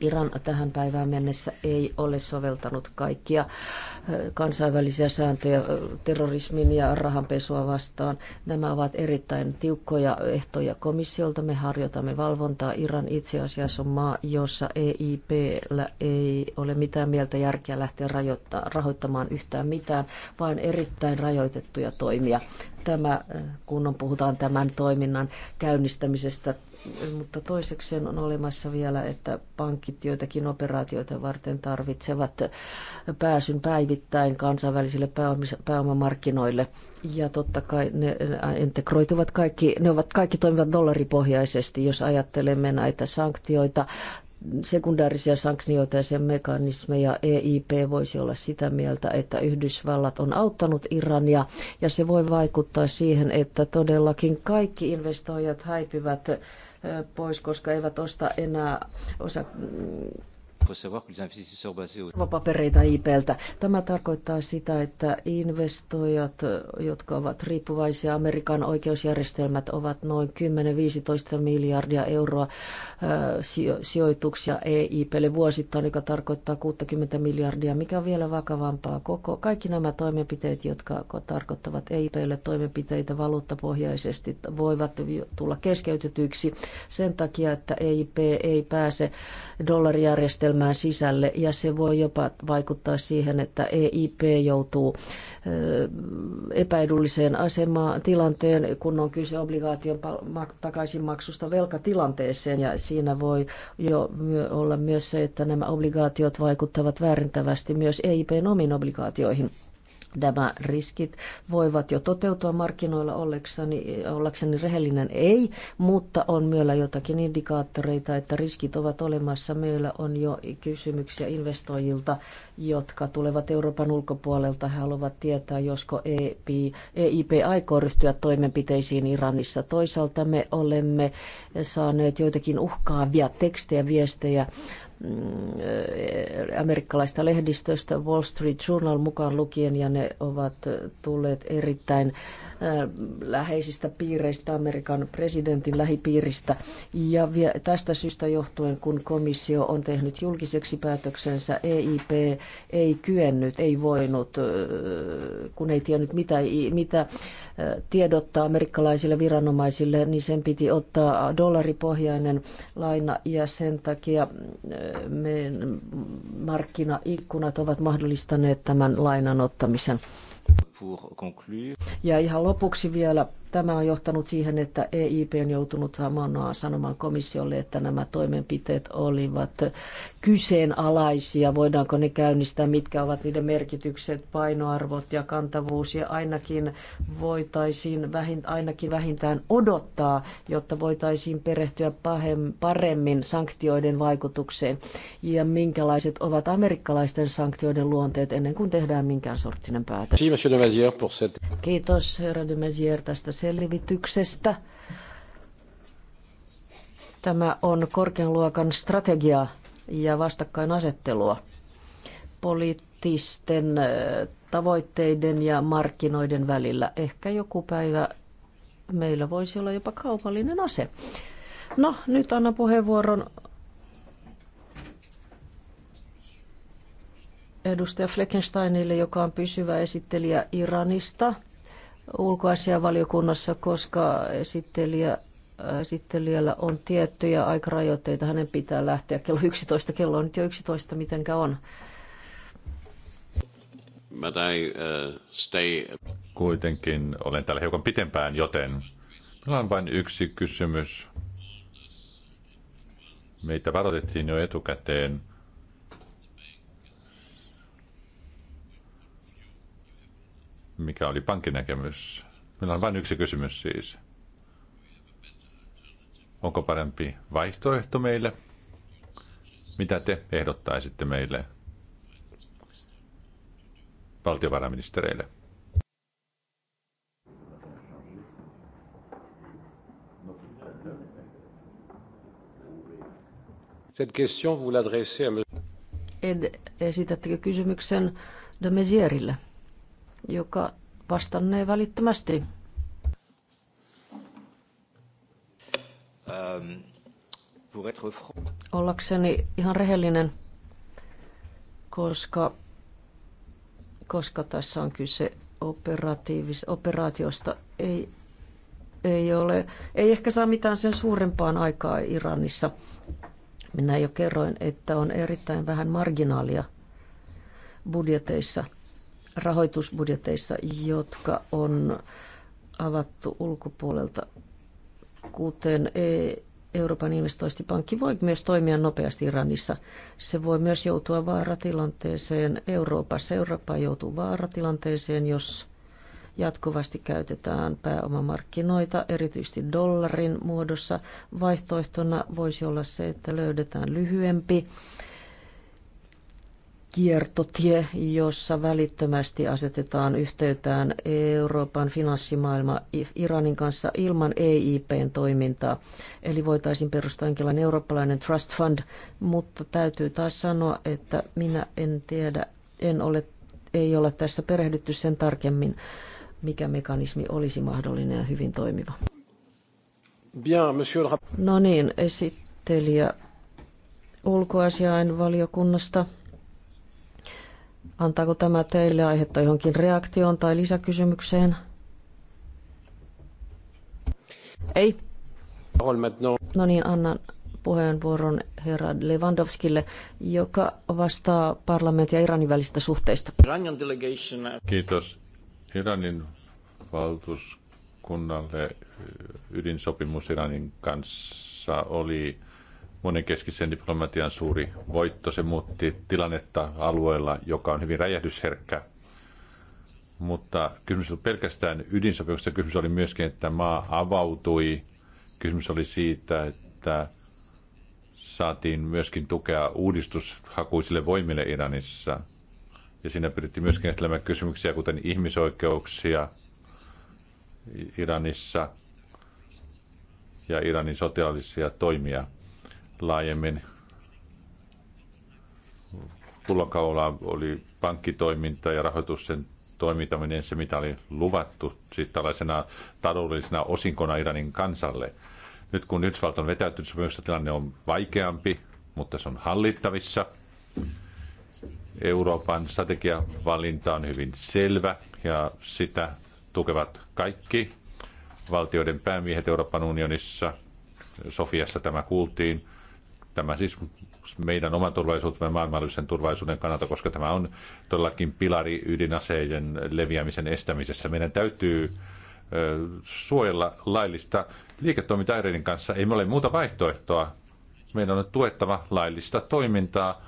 Iran tähän päivään mennessä ei ole soveltanut kaikkia kansainvälisiä sääntöjä terrorismin ja rahanpesua vastaan. Nämä ovat erittäin tiukkoja ehtoja komissiolta. Me harjoitamme valvontaa. Iran itse asiassa on maa, jossa EIP ei ole mitään mieltä järkeä lähteä rahoittamaan yhtään mitään, vaan erittäin rajoitettuja toimia tämä, kun on, puhutaan tämän toiminnan käynnistämisestä mutta toisekseen on olemassa vielä, että pankit joitakin operaatioita varten tarvitsevat pääsyn päivittäin kansainvälisille pääomamarkkinoille. Ja totta kai ne integroituvat kaikki, ne ovat kaikki toimivat dollaripohjaisesti, jos ajattelemme näitä sanktioita sekundaarisia sanktioita ja sen mekanismeja. EIP voisi olla sitä mieltä, että Yhdysvallat on auttanut Irania ja se voi vaikuttaa siihen, että todellakin kaikki investoijat häipyvät pois, koska eivät osta enää osa Arvopapereita IPltä. Tämä tarkoittaa sitä, että investoijat, jotka ovat riippuvaisia Amerikan oikeusjärjestelmät, ovat noin 10-15 miljardia euroa sijoituksia EIPlle vuosittain, joka tarkoittaa 60 miljardia, mikä on vielä vakavampaa. Koko, kaikki nämä toimenpiteet, jotka tarkoittavat EIPlle toimenpiteitä valuuttapohjaisesti, voivat tulla keskeytetyiksi sen takia, että EIP ei pääse dollarijärjestelmään käymään sisälle ja se voi jopa vaikuttaa siihen, että EIP joutuu epäedulliseen asemaan tilanteen, kun on kyse obligaation takaisinmaksusta velkatilanteeseen ja siinä voi jo olla myös se, että nämä obligaatiot vaikuttavat väärintävästi myös EIPn omiin obligaatioihin nämä riskit voivat jo toteutua markkinoilla ollakseni, ollakseni rehellinen ei, mutta on myöllä jotakin indikaattoreita, että riskit ovat olemassa. Meillä on jo kysymyksiä investoijilta, jotka tulevat Euroopan ulkopuolelta. He haluavat tietää, josko EIP, EIP aikoo ryhtyä toimenpiteisiin Iranissa. Toisaalta me olemme saaneet joitakin uhkaavia tekstejä, viestejä Mm, amerikkalaista lehdistöstä, Wall Street Journal mukaan lukien, ja ne ovat tulleet erittäin äh, läheisistä piireistä Amerikan presidentin lähipiiristä. Ja tästä syystä johtuen, kun komissio on tehnyt julkiseksi päätöksensä, EIP ei kyennyt, ei voinut, äh, kun ei tiennyt mitä, mitä äh, tiedottaa amerikkalaisille viranomaisille, niin sen piti ottaa dollaripohjainen laina, ja sen takia meidän markkinaikkunat ovat mahdollistaneet tämän lainan ottamisen. Ja ihan lopuksi vielä, tämä on johtanut siihen, että EIP on joutunut sanomaan komissiolle, että nämä toimenpiteet olivat kyseenalaisia. Voidaanko ne käynnistää, mitkä ovat niiden merkitykset, painoarvot ja kantavuus. Ja ainakin voitaisiin vähint, ainakin vähintään odottaa, jotta voitaisiin perehtyä paremmin sanktioiden vaikutukseen. Ja minkälaiset ovat amerikkalaisten sanktioiden luonteet ennen kuin tehdään minkään sorttinen päätös pour cette... Kiitos herra de tästä selvityksestä. Tämä on korkean luokan strategiaa ja vastakkainasettelua poliittisten tavoitteiden ja markkinoiden välillä. Ehkä joku päivä meillä voisi olla jopa kaupallinen ase. No, nyt anna puheenvuoron edustaja Fleckensteinille, joka on pysyvä esittelijä Iranista ulkoasiavaliokunnassa, koska esittelijä, esittelijällä on tiettyjä aikarajoitteita. Hänen pitää lähteä kello 11. Kello on nyt jo 11, mitenkä on. But I, uh, stay... Kuitenkin olen täällä hiukan pitempään, joten minulla on vain yksi kysymys. Meitä varoitettiin jo etukäteen – mikä oli pankin näkemys. Meillä on vain yksi kysymys siis. Onko parempi vaihtoehto meille? Mitä te ehdottaisitte meille valtiovarainministereille? Cette question vous l'adressez à Esitättekö kysymyksen de Mesierille? joka vastannee välittömästi. Ähm, Ollakseni ihan rehellinen, koska, koska tässä on kyse operatiivis, operaatiosta, ei, ei, ole, ei ehkä saa mitään sen suurempaan aikaa Iranissa. Minä jo kerroin, että on erittäin vähän marginaalia budjeteissa – rahoitusbudjeteissa, jotka on avattu ulkopuolelta, kuten e- Euroopan investointipankki voi myös toimia nopeasti Iranissa. Se voi myös joutua vaaratilanteeseen Euroopassa. Eurooppa joutuu vaaratilanteeseen, jos jatkuvasti käytetään pääomamarkkinoita, erityisesti dollarin muodossa. Vaihtoehtona voisi olla se, että löydetään lyhyempi kiertotie, jossa välittömästi asetetaan yhteytään Euroopan finanssimaailma Iranin kanssa ilman EIPn toimintaa. Eli voitaisiin perustaa jonkinlainen eurooppalainen trust fund, mutta täytyy taas sanoa, että minä en tiedä, en ole, ei ole tässä perehdytty sen tarkemmin, mikä mekanismi olisi mahdollinen ja hyvin toimiva. Bien, monsieur No niin, esittelijä ulkoasiainvaliokunnasta. valiokunnasta. Antaako tämä teille aihetta johonkin reaktioon tai lisäkysymykseen? Ei. No niin, annan puheenvuoron herra Lewandowskille, joka vastaa parlamentin ja Iranin välisistä suhteista. Uh, Kiitos Iranin valtuuskunnalle. Uh, ydinsopimus Iranin kanssa oli monenkeskisen diplomatian suuri voitto. Se muutti tilannetta alueella, joka on hyvin räjähdysherkkä. Mutta kysymys oli pelkästään ydinsopimuksesta. Kysymys oli myöskin, että maa avautui. Kysymys oli siitä, että saatiin myöskin tukea uudistushakuisille voimille Iranissa. Ja siinä pyrittiin myöskin esittelemään kysymyksiä, kuten ihmisoikeuksia Iranissa ja Iranin sotilaallisia toimia laajemmin. Pullonkaula oli pankkitoiminta ja rahoitus sen toimintaminen, se mitä oli luvattu siis tällaisena taloudellisena osinkona Iranin kansalle. Nyt kun Yhdysvallat on vetäytynyt sopimuksesta, tilanne on vaikeampi, mutta se on hallittavissa. Euroopan strategiavalinta on hyvin selvä ja sitä tukevat kaikki valtioiden päämiehet Euroopan unionissa. Sofiassa tämä kuultiin. Tämä siis meidän oman turvallisuutemme maailmallisen turvallisuuden kannalta, koska tämä on todellakin pilari ydinaseiden leviämisen estämisessä. Meidän täytyy suojella laillista liiketoimintaa kanssa. Ei ole muuta vaihtoehtoa. Meidän on tuettava laillista toimintaa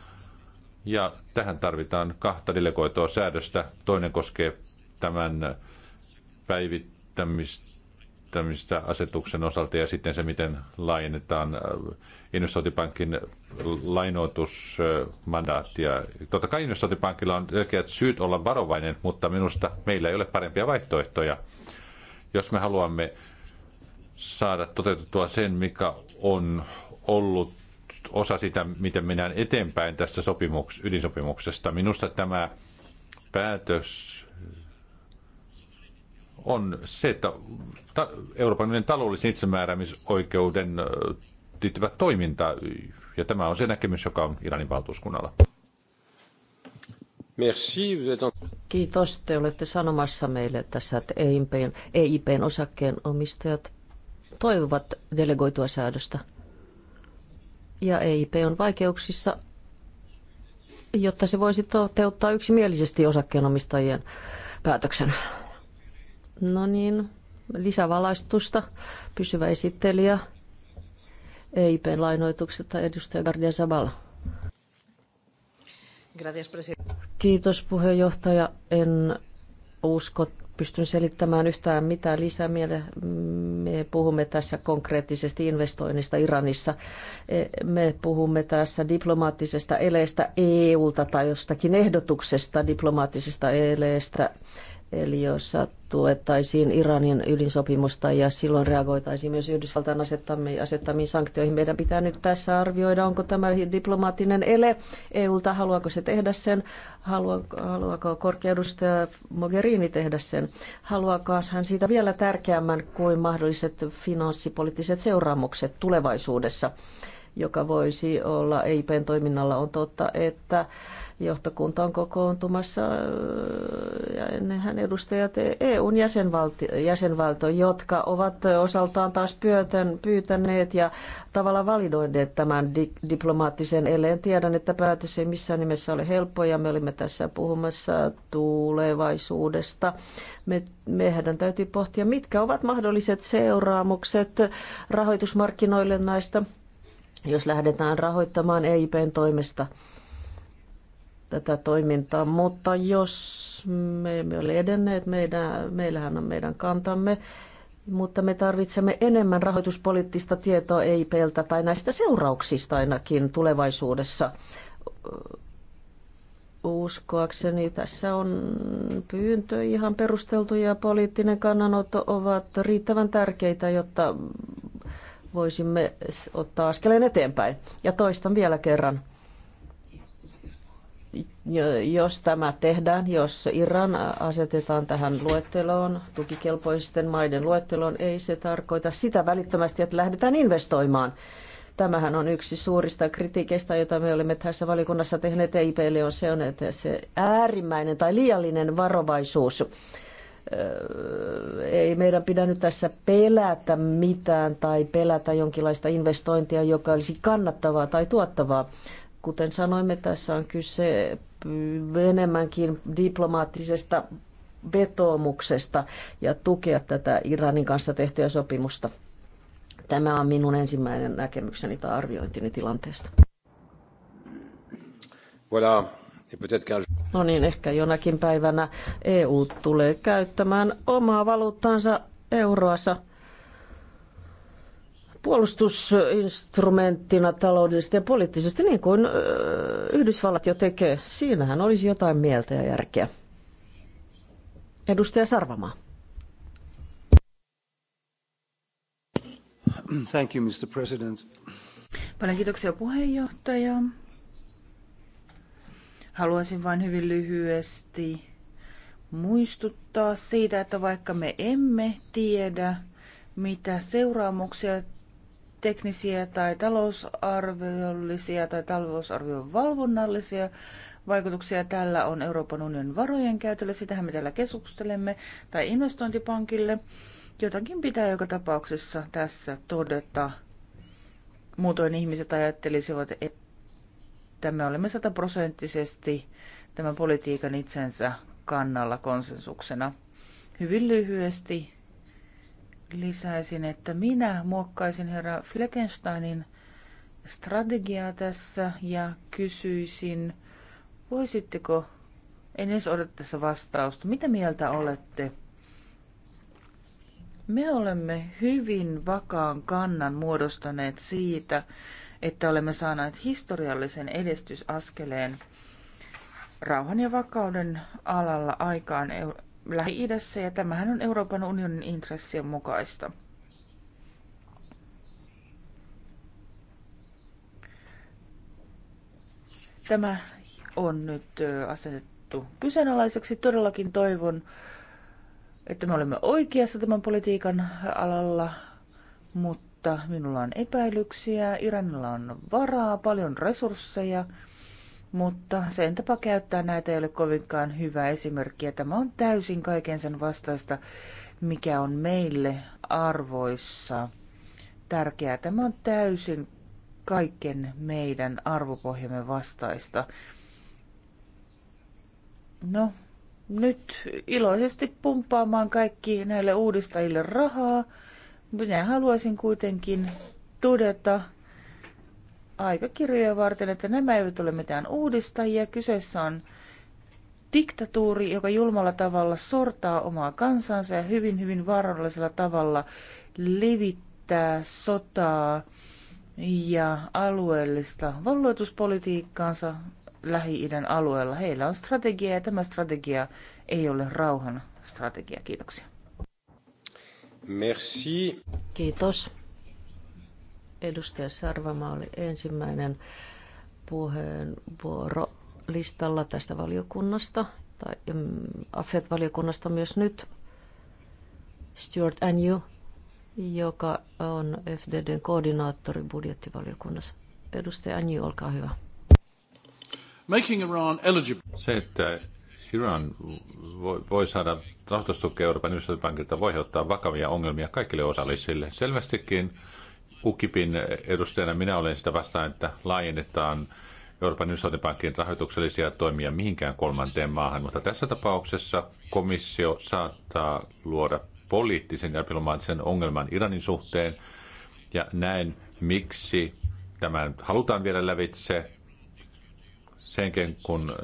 ja tähän tarvitaan kahta delegoitua säädöstä. Toinen koskee tämän päivittämistä käyttämistä asetuksen osalta ja sitten se, miten laajennetaan äh, investointipankin lainoitusmandaattia. Totta kai investointipankilla on selkeät syyt olla varovainen, mutta minusta meillä ei ole parempia vaihtoehtoja. Jos me haluamme saada toteutettua sen, mikä on ollut osa sitä, miten mennään eteenpäin tästä sopimuks- ydinsopimuksesta. Minusta tämä päätös on se, että Euroopan unionin taloudellisen itsemääräämisoikeuden liittyvä toiminta, ja tämä on se näkemys, joka on Iranin valtuuskunnalla. Merci, vous êtes... Kiitos, te olette sanomassa meille tässä, että EIPn, EIPn osakkeen omistajat toivovat delegoitua säädöstä. Ja EIP on vaikeuksissa, jotta se voisi toteuttaa yksimielisesti osakkeenomistajien päätöksen. No niin, lisävalaistusta. Pysyvä esittelijä. EIPn lainoituksesta edustaja Gardia Zavala. Kiitos puheenjohtaja. En usko, pystyn selittämään yhtään mitään lisää. Me puhumme tässä konkreettisesti investoinnista Iranissa. E, me puhumme tässä diplomaattisesta eleestä EUlta tai jostakin ehdotuksesta diplomaattisesta eleestä Eli että tuettaisiin Iranin ydinsopimusta ja silloin reagoitaisiin myös Yhdysvaltain asettamiin, asettamiin sanktioihin. Meidän pitää nyt tässä arvioida, onko tämä diplomaattinen ele EUlta, haluaako se tehdä sen, haluaako, haluaako korkeudustaja Mogherini tehdä sen, haluaako hän siitä vielä tärkeämmän kuin mahdolliset finanssipoliittiset seuraamukset tulevaisuudessa, joka voisi olla EIPn toiminnalla on totta, että johtokunta on kokoontumassa äh, ja ennenhän edustajat e- EUn jäsenvaltio, jäsenvaltio jotka ovat osaltaan taas pyötän, pyytäneet ja tavallaan validoineet tämän di, diplomaattisen eleen. Tiedän, että päätös ei missään nimessä ole helppo ja me olimme tässä puhumassa tulevaisuudesta. Me, meidän täytyy pohtia, mitkä ovat mahdolliset seuraamukset rahoitusmarkkinoille näistä jos lähdetään rahoittamaan EIPn toimesta – tätä toimintaa, mutta jos me emme ole edenneet, meidän, meillähän on meidän kantamme, mutta me tarvitsemme enemmän rahoituspoliittista tietoa EIPltä tai näistä seurauksista ainakin tulevaisuudessa. Uskoakseni tässä on pyyntö ihan perusteltu ja poliittinen kannanotto ovat riittävän tärkeitä, jotta voisimme ottaa askeleen eteenpäin. Ja toistan vielä kerran jos tämä tehdään, jos Iran asetetaan tähän luetteloon, tukikelpoisten maiden luetteloon, ei se tarkoita sitä välittömästi, että lähdetään investoimaan. Tämähän on yksi suurista kritiikeistä, jota me olemme tässä valikunnassa tehneet EIPlle, on se, että se äärimmäinen tai liiallinen varovaisuus öö, ei meidän pidä nyt tässä pelätä mitään tai pelätä jonkinlaista investointia, joka olisi kannattavaa tai tuottavaa. Kuten sanoimme, tässä on kyse enemmänkin diplomaattisesta vetoomuksesta ja tukea tätä Iranin kanssa tehtyä sopimusta. Tämä on minun ensimmäinen näkemykseni tai arviointini tilanteesta. Voilà. No niin, ehkä jonakin päivänä EU tulee käyttämään omaa valuuttaansa euroansa puolustusinstrumenttina taloudellisesti ja poliittisesti, niin kuin Yhdysvallat jo tekee. Siinähän olisi jotain mieltä ja järkeä. Edustaja Sarvamaa. Thank you, Mr. President. Paljon kiitoksia puheenjohtaja. Haluaisin vain hyvin lyhyesti muistuttaa siitä, että vaikka me emme tiedä, mitä seuraamuksia teknisiä tai talousarviollisia tai talousarvion valvonnallisia vaikutuksia tällä on Euroopan unionin varojen käytölle, sitähän me täällä keskustelemme, tai investointipankille. Jotakin pitää joka tapauksessa tässä todeta. Muutoin ihmiset ajattelisivat, että me olemme sataprosenttisesti tämän politiikan itsensä kannalla konsensuksena. Hyvin lyhyesti lisäisin, että minä muokkaisin herra Fleckensteinin strategiaa tässä ja kysyisin, voisitteko, en edes odota tässä vastausta, mitä mieltä olette? Me olemme hyvin vakaan kannan muodostaneet siitä, että olemme saaneet historiallisen edistysaskeleen rauhan ja vakauden alalla aikaan Lähi-idässä ja tämähän on Euroopan unionin intressien mukaista. Tämä on nyt asetettu kyseenalaiseksi. Todellakin toivon, että me olemme oikeassa tämän politiikan alalla, mutta minulla on epäilyksiä. Iranilla on varaa, paljon resursseja – mutta sen tapa käyttää näitä ei ole kovinkaan hyvä esimerkki. Ja tämä on täysin kaiken sen vastaista, mikä on meille arvoissa tärkeää. Tämä on täysin kaiken meidän arvopohjamme vastaista. No, nyt iloisesti pumppaamaan kaikki näille uudistajille rahaa. Minä haluaisin kuitenkin todeta, aikakirjoja varten, että nämä eivät ole mitään uudistajia. Kyseessä on diktatuuri, joka julmalla tavalla sortaa omaa kansansa ja hyvin, hyvin vaarallisella tavalla levittää sotaa ja alueellista valloituspolitiikkaansa Lähi-idän alueella. Heillä on strategia ja tämä strategia ei ole rauhan strategia. Kiitoksia. Merci. Kiitos. Edustaja Sarvama oli ensimmäinen puheenvuoro listalla tästä valiokunnasta, tai mm, AFET-valiokunnasta myös nyt, Stuart Anju, joka on FDDn koordinaattori budjettivaliokunnassa. Edustaja Anju, olkaa hyvä. Making Iran eligible. Se, että Iran voi, voi saada rahoitustukea Euroopan yhdistyspankilta, voi ottaa vakavia ongelmia kaikille osallisille. Selvästikin UKIPin edustajana minä olen sitä vastaan, että laajennetaan Euroopan investointipankin rahoituksellisia toimia mihinkään kolmanteen maahan, mutta tässä tapauksessa komissio saattaa luoda poliittisen ja diplomaattisen ongelman Iranin suhteen, ja näin miksi tämän halutaan vielä lävitse senkin, kun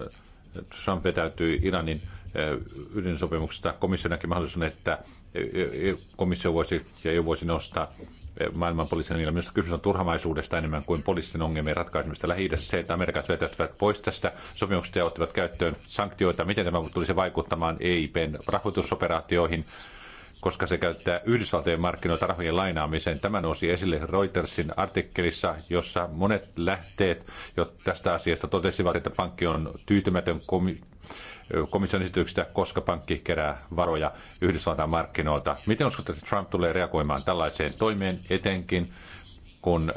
Trump vetäytyi Iranin eh, ydinsopimuksesta. Komissio näki mahdollisuuden, että eh, eh, komissio voisi ja EU voisi nostaa maailmanpoliisin niillä. myös kysymys on turhamaisuudesta enemmän kuin poliisin ongelmien ratkaisemista lähi Se, että Amerikat vetäytyvät pois tästä sopimuksesta ja ottivat käyttöön sanktioita, miten tämä tulisi vaikuttamaan EIPn rahoitusoperaatioihin, koska se käyttää Yhdysvaltojen markkinoita rahojen lainaamiseen. Tämä nousi esille Reutersin artikkelissa, jossa monet lähteet jo tästä asiasta totesivat, että pankki on tyytymätön komission esityksestä, koska pankki kerää varoja Yhdysvaltain markkinoilta. Miten uskotte, että Trump tulee reagoimaan tällaiseen toimeen etenkin, kun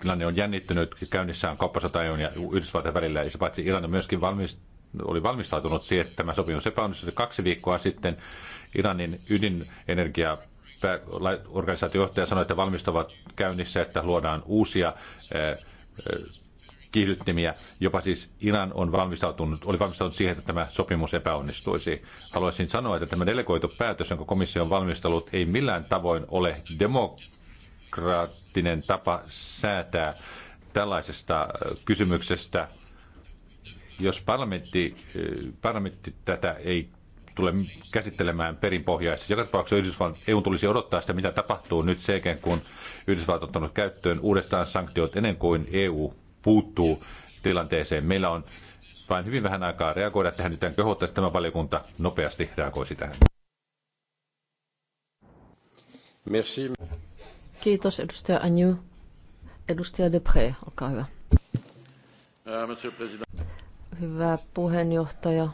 tilanne on jännittynyt, käynnissä on kauppasota EUn ja Yhdysvaltain välillä, ja se paitsi Iran on myöskin valmis, oli valmistautunut siihen, että tämä sopimus epäonnistui kaksi viikkoa sitten. Iranin ydinenergia organisaatiojohtaja sanoi, että valmistavat käynnissä, että luodaan uusia kiihdyttimiä. Jopa siis Iran on valmistautunut, oli valmistautunut siihen, että tämä sopimus epäonnistuisi. Haluaisin sanoa, että tämä delegoitu päätös, jonka komissio on valmistellut, ei millään tavoin ole demokraattinen tapa säätää tällaisesta äh, kysymyksestä. Jos parlamentti, äh, parlamentti tätä ei tule käsittelemään perinpohjaisesti. Joka tapauksessa Yhdysvallat, EU tulisi odottaa sitä, mitä tapahtuu nyt sen kun Yhdysvallat on ottanut käyttöön uudestaan sanktiot ennen kuin EU puuttuu tilanteeseen. Meillä on vain hyvin vähän aikaa reagoida tähän, nyt kehottaisi tämä valiokunta nopeasti reagoisi tähän. Merci. Kiitos edustaja Anju. Edustaja Depré, olkaa hyvä. Uh, hyvä puheenjohtaja.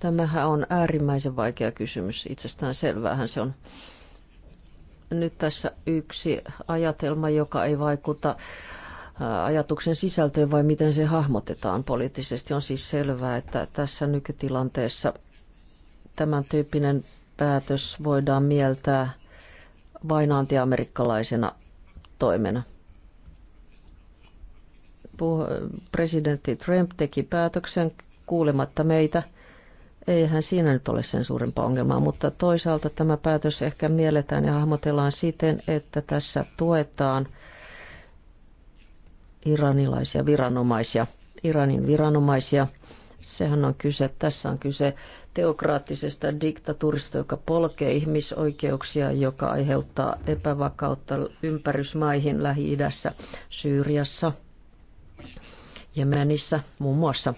Tämähän on äärimmäisen vaikea kysymys. Itsestään selväähän se on. Nyt tässä yksi ajatelma, joka ei vaikuta ajatuksen sisältöön vai miten se hahmotetaan poliittisesti. On siis selvää, että tässä nykytilanteessa tämän tyyppinen päätös voidaan mieltää vain antiamerikkalaisena toimena. Presidentti Trump teki päätöksen kuulematta meitä. Eihän siinä nyt ole sen suurempaa ongelmaa, mutta toisaalta tämä päätös ehkä mielletään ja hahmotellaan siten, että tässä tuetaan – iranilaisia viranomaisia, Iranin viranomaisia. Sehän on kyse, tässä on kyse teokraattisesta diktatuurista, joka polkee ihmisoikeuksia, joka aiheuttaa epävakautta ympärysmaihin Lähi-idässä, Syyriassa, Jemenissä muun muassa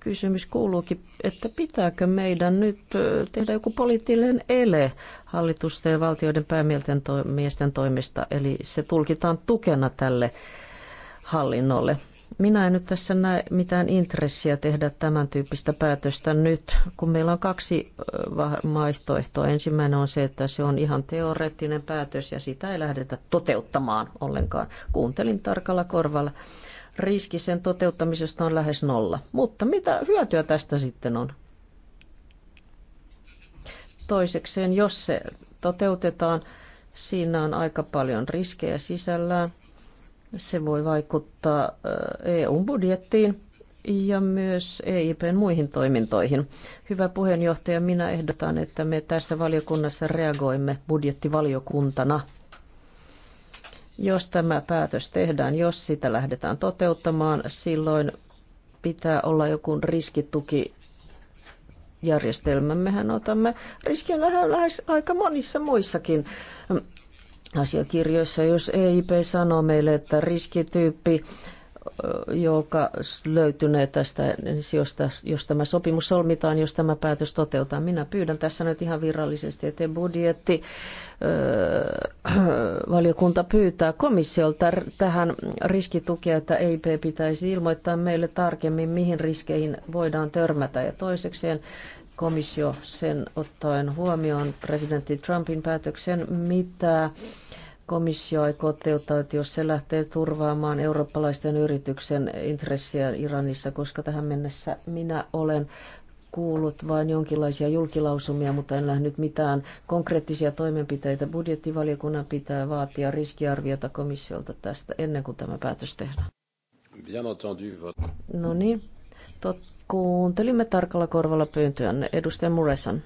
kysymys kuuluukin, että pitääkö meidän nyt tehdä joku poliittinen ele hallitusten ja valtioiden päämiesten toimesta, eli se tulkitaan tukena tälle hallinnolle. Minä en nyt tässä näe mitään intressiä tehdä tämän tyyppistä päätöstä nyt, kun meillä on kaksi vaihtoehtoa. Ensimmäinen on se, että se on ihan teoreettinen päätös ja sitä ei lähdetä toteuttamaan ollenkaan. Kuuntelin tarkalla korvalla. Riski sen toteuttamisesta on lähes nolla. Mutta mitä hyötyä tästä sitten on? Toisekseen, jos se toteutetaan, siinä on aika paljon riskejä sisällään – se voi vaikuttaa EU-budjettiin ja myös EIPn muihin toimintoihin. Hyvä puheenjohtaja, minä ehdotan, että me tässä valiokunnassa reagoimme budjettivaliokuntana jos tämä päätös tehdään, jos sitä lähdetään toteuttamaan, silloin pitää olla joku riskituki järjestelmä. Mehän otamme riskiä lähes aika monissa muissakin asiakirjoissa, jos EIP sanoo meille, että riskityyppi, joka löytynee tästä, josta, jos tämä sopimus solmitaan, jos tämä päätös toteutetaan. Minä pyydän tässä nyt ihan virallisesti, että budjetti valiokunta pyytää komissiolta tähän riskitukea, että EIP pitäisi ilmoittaa meille tarkemmin, mihin riskeihin voidaan törmätä. Ja toisekseen komissio sen ottaen huomioon presidentti Trumpin päätöksen, mitä komissio aikoo teuttaa, että jos se lähtee turvaamaan eurooppalaisten yrityksen intressiä Iranissa, koska tähän mennessä minä olen kuullut vain jonkinlaisia julkilausumia, mutta en nähnyt mitään konkreettisia toimenpiteitä. Budjettivaliokunnan pitää vaatia riskiarviota komissiolta tästä ennen kuin tämä päätös tehdään. No niin, Tot, kuuntelimme tarkalla korvalla pyyntöänne. Edustaja Muresan.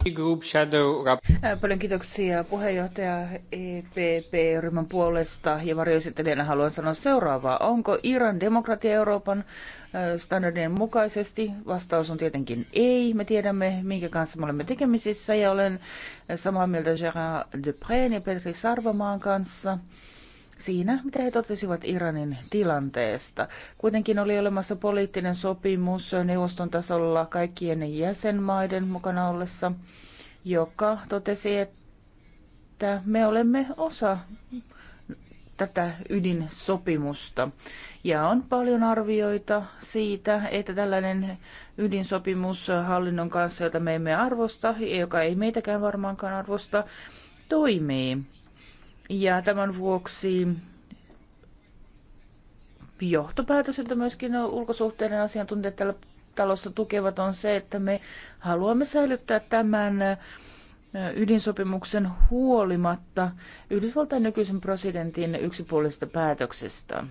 Paljon kiitoksia puheenjohtaja EPP-ryhmän puolesta ja varjoesittelijänä haluan sanoa seuraavaa. Onko Iran demokratia Euroopan standardien mukaisesti? Vastaus on tietenkin ei. Me tiedämme, minkä kanssa me olemme tekemisissä ja olen samaa mieltä Gérard Depreen ja Petri Sarvamaan kanssa siinä, mitä he totesivat Iranin tilanteesta. Kuitenkin oli olemassa poliittinen sopimus neuvoston tasolla kaikkien jäsenmaiden mukana ollessa, joka totesi, että me olemme osa tätä ydinsopimusta. Ja on paljon arvioita siitä, että tällainen ydinsopimus hallinnon kanssa, jota me emme arvosta joka ei meitäkään varmaankaan arvosta, toimii. Ja tämän vuoksi johtopäätös, jota myöskin ulkosuhteiden asiantuntijat täällä talossa tukevat, on se, että me haluamme säilyttää tämän ydinsopimuksen huolimatta Yhdysvaltain nykyisen presidentin yksipuolisesta päätöksestä.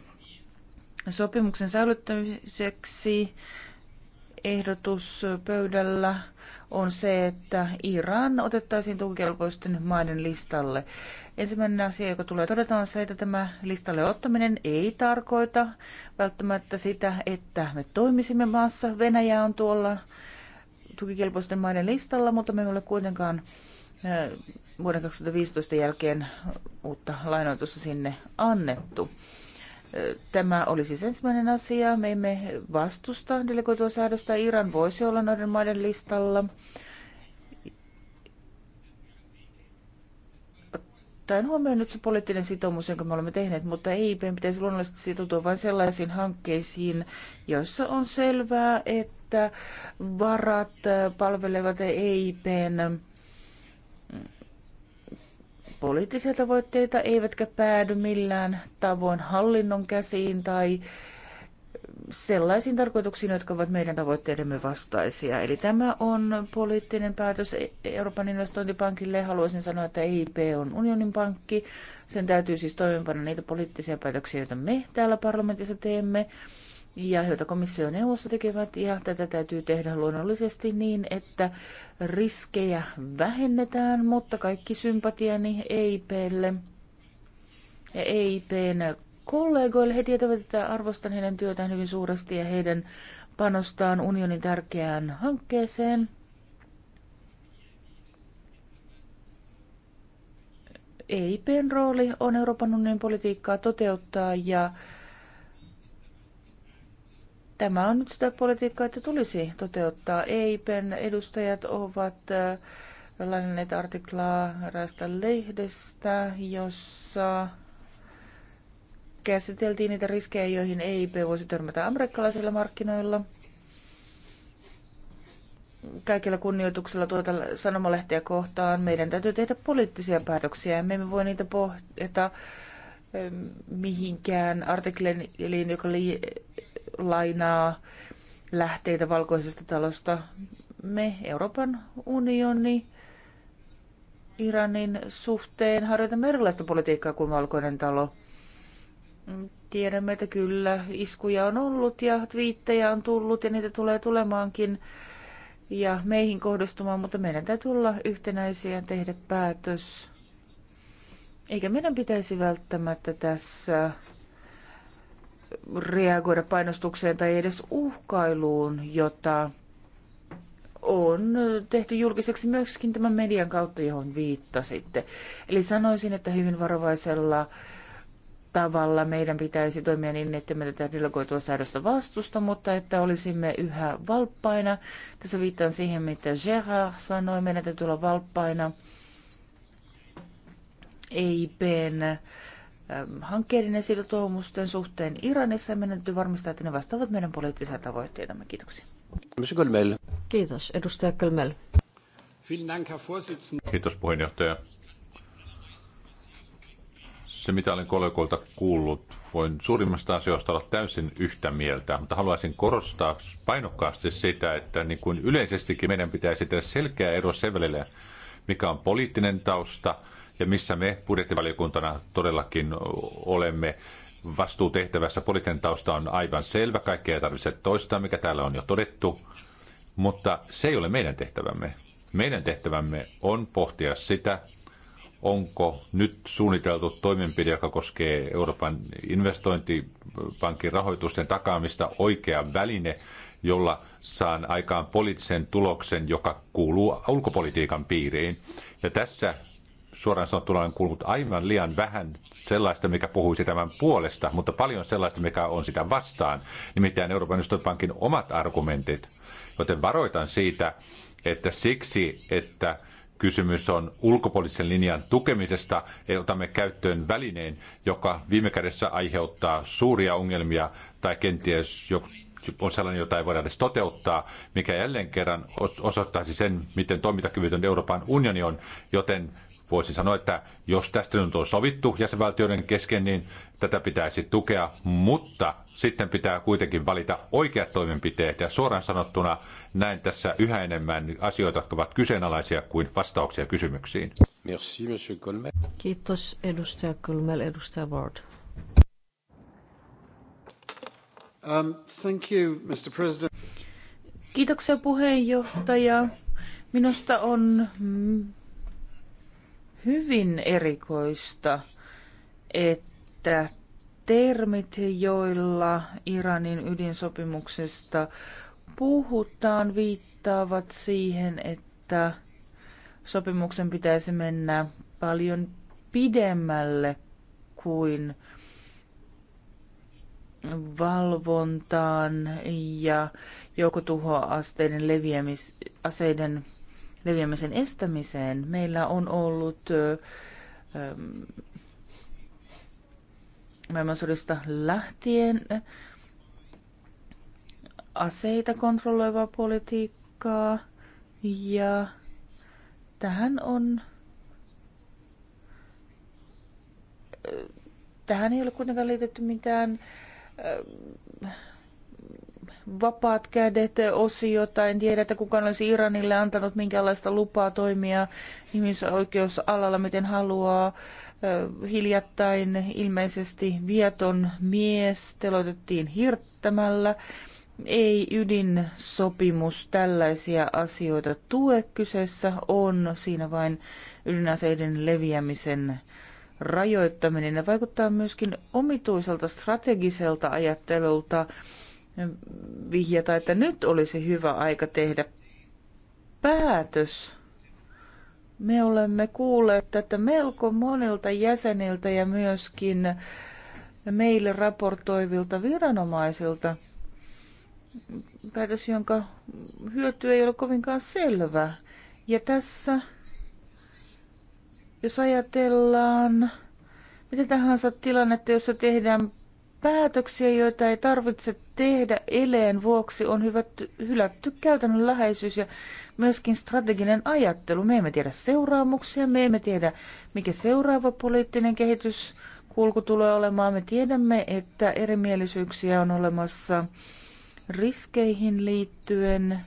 Sopimuksen säilyttämiseksi ehdotus pöydällä on se, että Iran otettaisiin tukikelpoisten maiden listalle. Ensimmäinen asia, joka tulee todeta, on se, että tämä listalle ottaminen ei tarkoita välttämättä sitä, että me toimisimme maassa. Venäjä on tuolla tukikelpoisten maiden listalla, mutta me ei ole kuitenkaan vuoden 2015 jälkeen uutta lainoitusta sinne annettu. Tämä oli siis ensimmäinen asia. Me emme vastusta delegoitua säädöstä. Iran voisi olla noiden maiden listalla. ottaen huomioon nyt se poliittinen sitoumus, jonka me olemme tehneet, mutta EIP pitäisi luonnollisesti sitoutua vain sellaisiin hankkeisiin, joissa on selvää, että varat palvelevat EIPn poliittisia tavoitteita eivätkä päädy millään tavoin hallinnon käsiin tai sellaisiin tarkoituksiin, jotka ovat meidän tavoitteidemme vastaisia. Eli tämä on poliittinen päätös Euroopan investointipankille. Haluaisin sanoa, että EIP on unionin pankki. Sen täytyy siis toimeenpanna niitä poliittisia päätöksiä, joita me täällä parlamentissa teemme ja joita komissio ja neuvosto tekevät, ja tätä täytyy tehdä luonnollisesti niin, että riskejä vähennetään, mutta kaikki sympatiani EIPlle ja EIPn kollegoille. He tietävät, että arvostan heidän työtään hyvin suuresti ja heidän panostaan unionin tärkeään hankkeeseen. EIPn rooli on Euroopan unionin politiikkaa toteuttaa ja Tämä on nyt sitä politiikkaa, että tulisi toteuttaa. EIPen edustajat ovat äh, lainanneet artiklaa räästä lehdestä, jossa käsiteltiin niitä riskejä, joihin EIP voisi törmätä amerikkalaisilla markkinoilla. Kaikilla kunnioituksella tuota sanomalehtiä kohtaan meidän täytyy tehdä poliittisia päätöksiä. Me emme voi niitä pohjata äh, mihinkään artikkeliin, joka li- lainaa lähteitä valkoisesta talosta. Me Euroopan unioni Iranin suhteen harjoitamme erilaista politiikkaa kuin valkoinen talo. Tiedämme, että kyllä iskuja on ollut ja twiittejä on tullut ja niitä tulee tulemaankin ja meihin kohdistumaan, mutta meidän täytyy olla yhtenäisiä ja tehdä päätös. Eikä meidän pitäisi välttämättä tässä reagoida painostukseen tai edes uhkailuun, jota on tehty julkiseksi myöskin tämän median kautta, johon viittasitte. Eli sanoisin, että hyvin varovaisella tavalla meidän pitäisi toimia niin, että me tätä delegoitua säädöstä vastusta, mutta että olisimme yhä valppaina. Tässä viittaan siihen, mitä Gerard sanoi, meidän täytyy olla valppaina Ben hankkeiden ja sitoumusten suhteen Iranissa. Meidän täytyy varmistaa, että ne vastaavat meidän poliittisia tavoitteitamme. Kiitoksia. Kiitos. Edustaja Kölmel. Kiitos puheenjohtaja. Se, mitä olen kollegoilta kuullut, voin suurimmasta asioista olla täysin yhtä mieltä, mutta haluaisin korostaa painokkaasti sitä, että niin kuin yleisestikin meidän pitäisi tehdä selkeä ero sen välillä, mikä on poliittinen tausta – ja missä me budjettivaliokuntana todellakin olemme vastuutehtävässä. Poliittinen tausta on aivan selvä, kaikkea ei tarvitse toistaa, mikä täällä on jo todettu, mutta se ei ole meidän tehtävämme. Meidän tehtävämme on pohtia sitä, onko nyt suunniteltu toimenpide, joka koskee Euroopan investointipankin rahoitusten takaamista, oikea väline, jolla saan aikaan poliittisen tuloksen, joka kuuluu ulkopolitiikan piiriin. Ja tässä suoraan sanottuna olen kuullut aivan liian vähän sellaista, mikä puhuisi tämän puolesta, mutta paljon sellaista, mikä on sitä vastaan, nimittäin Euroopan investointipankin omat argumentit. Joten varoitan siitä, että siksi, että kysymys on ulkopoliittisen linjan tukemisesta, otamme käyttöön välineen, joka viime kädessä aiheuttaa suuria ongelmia tai kenties on sellainen, jota ei voida edes toteuttaa, mikä jälleen kerran osoittaisi sen, miten toimintakyvytön Euroopan unioni on, joten voisin sanoa, että jos tästä nyt on sovittu jäsenvaltioiden kesken, niin tätä pitäisi tukea, mutta sitten pitää kuitenkin valita oikeat toimenpiteet. Ja suoraan sanottuna näin tässä yhä enemmän asioita, jotka ovat kyseenalaisia kuin vastauksia kysymyksiin. Merci, monsieur Colmel. Kiitos edustaja Colmel, edustaja Ward. Um, thank you, Mr. President. Kiitoksia puheenjohtaja. Minusta on hyvin erikoista, että termit, joilla Iranin ydinsopimuksesta puhutaan, viittaavat siihen, että sopimuksen pitäisi mennä paljon pidemmälle kuin valvontaan ja joukotuhoasteiden leviämis, aseiden leviämisen estämiseen. Meillä on ollut ähm, maailmansodista lähtien aseita kontrolloivaa politiikkaa ja tähän on äh, tähän ei ole kuitenkaan liitetty mitään äh, vapaat kädet osiota. En tiedä, että kukaan olisi Iranille antanut minkäänlaista lupaa toimia ihmisoikeusalalla, miten haluaa. Hiljattain ilmeisesti vieton mies teloitettiin hirttämällä. Ei ydinsopimus tällaisia asioita tue. Kyseessä on siinä vain ydinaseiden leviämisen rajoittaminen. Ja vaikuttaa myöskin omituiselta strategiselta ajattelulta vihjata, että nyt olisi hyvä aika tehdä päätös. Me olemme kuulleet tätä melko monilta jäseniltä ja myöskin meille raportoivilta viranomaisilta. Päätös, jonka hyöty ei ole kovinkaan selvä. Ja tässä, jos ajatellaan mitä tahansa tilannetta, jossa tehdään Päätöksiä, joita ei tarvitse tehdä eleen vuoksi, on hyvät, hylätty läheisyys ja myöskin strateginen ajattelu. Me emme tiedä seuraamuksia, me emme tiedä, mikä seuraava poliittinen kehityskulku tulee olemaan. Me tiedämme, että erimielisyyksiä on olemassa riskeihin liittyen.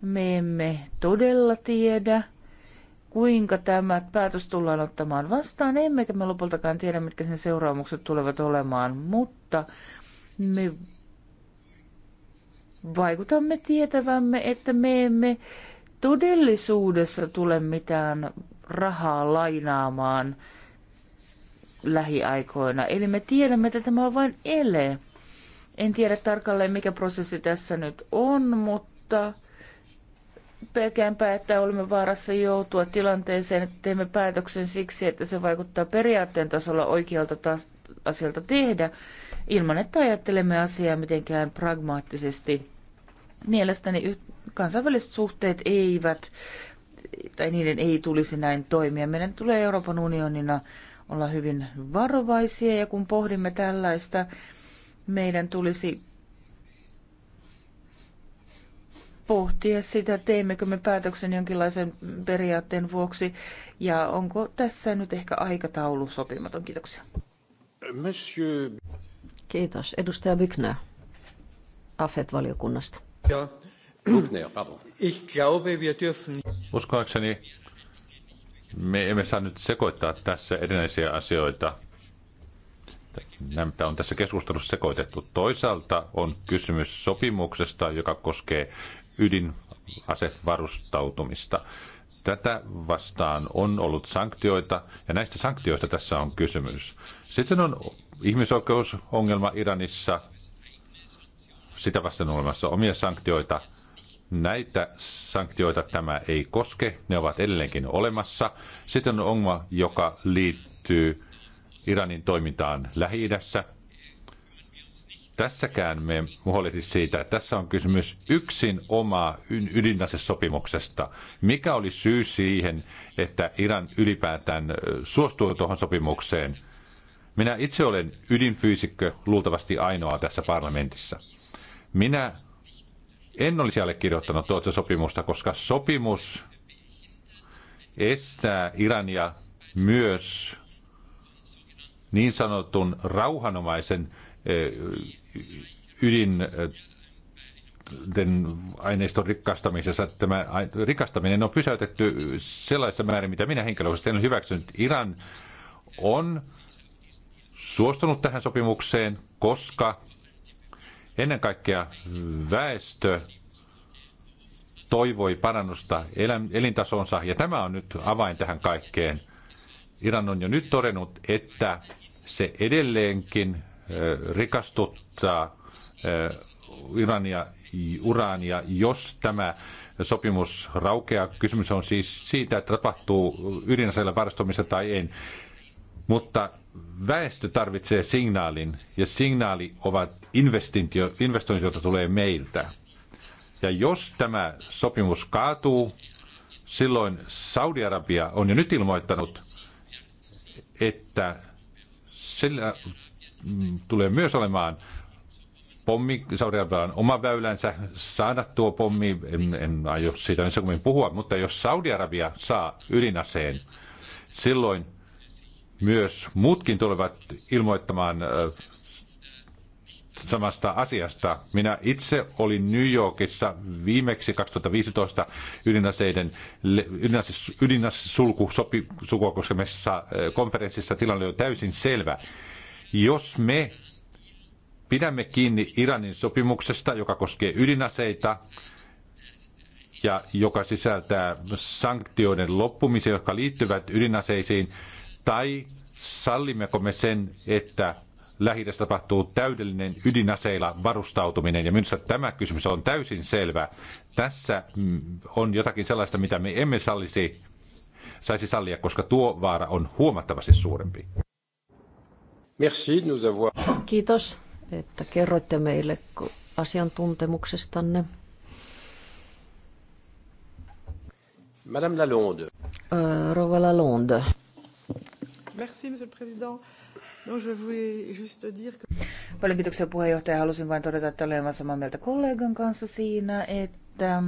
Me emme todella tiedä, kuinka tämä päätös tullaan ottamaan vastaan. Emmekä me lopultakaan tiedä, mitkä sen seuraamukset tulevat olemaan, mutta me vaikutamme tietävämme, että me emme todellisuudessa tule mitään rahaa lainaamaan lähiaikoina. Eli me tiedämme, että tämä on vain ele. En tiedä tarkalleen, mikä prosessi tässä nyt on, mutta pelkäänpä, että olemme vaarassa joutua tilanteeseen, että teemme päätöksen siksi, että se vaikuttaa periaatteen tasolla oikealta taas asialta tehdä, ilman että ajattelemme asiaa mitenkään pragmaattisesti. Mielestäni kansainväliset suhteet eivät, tai niiden ei tulisi näin toimia. Meidän tulee Euroopan unionina olla hyvin varovaisia, ja kun pohdimme tällaista, meidän tulisi pohtia sitä, teemmekö me päätöksen jonkinlaisen periaatteen vuoksi ja onko tässä nyt ehkä aikataulu sopimaton. Kiitoksia. Monsieur... Kiitos. Edustaja Byknä AFET-valiokunnasta. pardon. Uskoakseni me emme saa nyt sekoittaa tässä erinäisiä asioita. Nämä on tässä keskustelussa sekoitettu. Toisaalta on kysymys sopimuksesta, joka koskee ydinasevarustautumista. Tätä vastaan on ollut sanktioita, ja näistä sanktioista tässä on kysymys. Sitten on ihmisoikeusongelma Iranissa. Sitä vasten on olemassa omia sanktioita. Näitä sanktioita tämä ei koske, ne ovat edelleenkin olemassa. Sitten on ongelma, joka liittyy Iranin toimintaan Lähi-idässä. Tässäkään me huolehdi siitä, että tässä on kysymys yksin omaa ydinasesopimuksesta. Mikä oli syy siihen, että Iran ylipäätään suostui tuohon sopimukseen? Minä itse olen ydinfyysikkö, luultavasti ainoa tässä parlamentissa. Minä en olisi allekirjoittanut tuota sopimusta, koska sopimus estää Irania myös niin sanotun rauhanomaisen ydin aineiston rikastamisessa. Tämä rikastaminen on pysäytetty sellaisessa määrin, mitä minä henkilökohtaisesti en hyväksynyt. Iran on suostunut tähän sopimukseen, koska ennen kaikkea väestö toivoi parannusta elintasonsa, ja tämä on nyt avain tähän kaikkeen. Iran on jo nyt todennut, että se edelleenkin rikastuttaa Irania, uraania, jos tämä sopimus raukeaa. Kysymys on siis siitä, että tapahtuu ydinaseilla varastomista tai ei. Mutta väestö tarvitsee signaalin, ja signaali ovat investointi, joita tulee meiltä. Ja jos tämä sopimus kaatuu, silloin Saudi-Arabia on jo nyt ilmoittanut, että sillä Mm, tulee myös olemaan pommi, saudi Arabian oma väylänsä saada tuo pommi, en, en aio siitä ensi puhua, mutta jos Saudi-Arabia saa ydinaseen, silloin myös muutkin tulevat ilmoittamaan samasta asiasta. Minä itse olin New Yorkissa viimeksi 2015 ydinaseiden ydinase, ydinase sulku sopi, konferenssissa. Tilanne oli täysin selvä. Jos me pidämme kiinni Iranin sopimuksesta, joka koskee ydinaseita ja joka sisältää sanktioiden loppumisen, jotka liittyvät ydinaseisiin, tai sallimmeko me sen, että lähi tapahtuu täydellinen ydinaseilla varustautuminen. Ja minusta tämä kysymys on täysin selvä. Tässä mm, on jotakin sellaista, mitä me emme sallisi, saisi sallia, koska tuo vaara on huomattavasti suurempi. Merci de nous avoir. Kiitos, että kerroitte meille asiantuntemuksestanne. Madame Lalonde. Euh, Rova Lalonde. Merci, monsieur le président. je voulais juste dire que... Paljon kiitoksia puheenjohtaja. Halusin vain todeta, että olen samaa mieltä kollegan kanssa siinä, että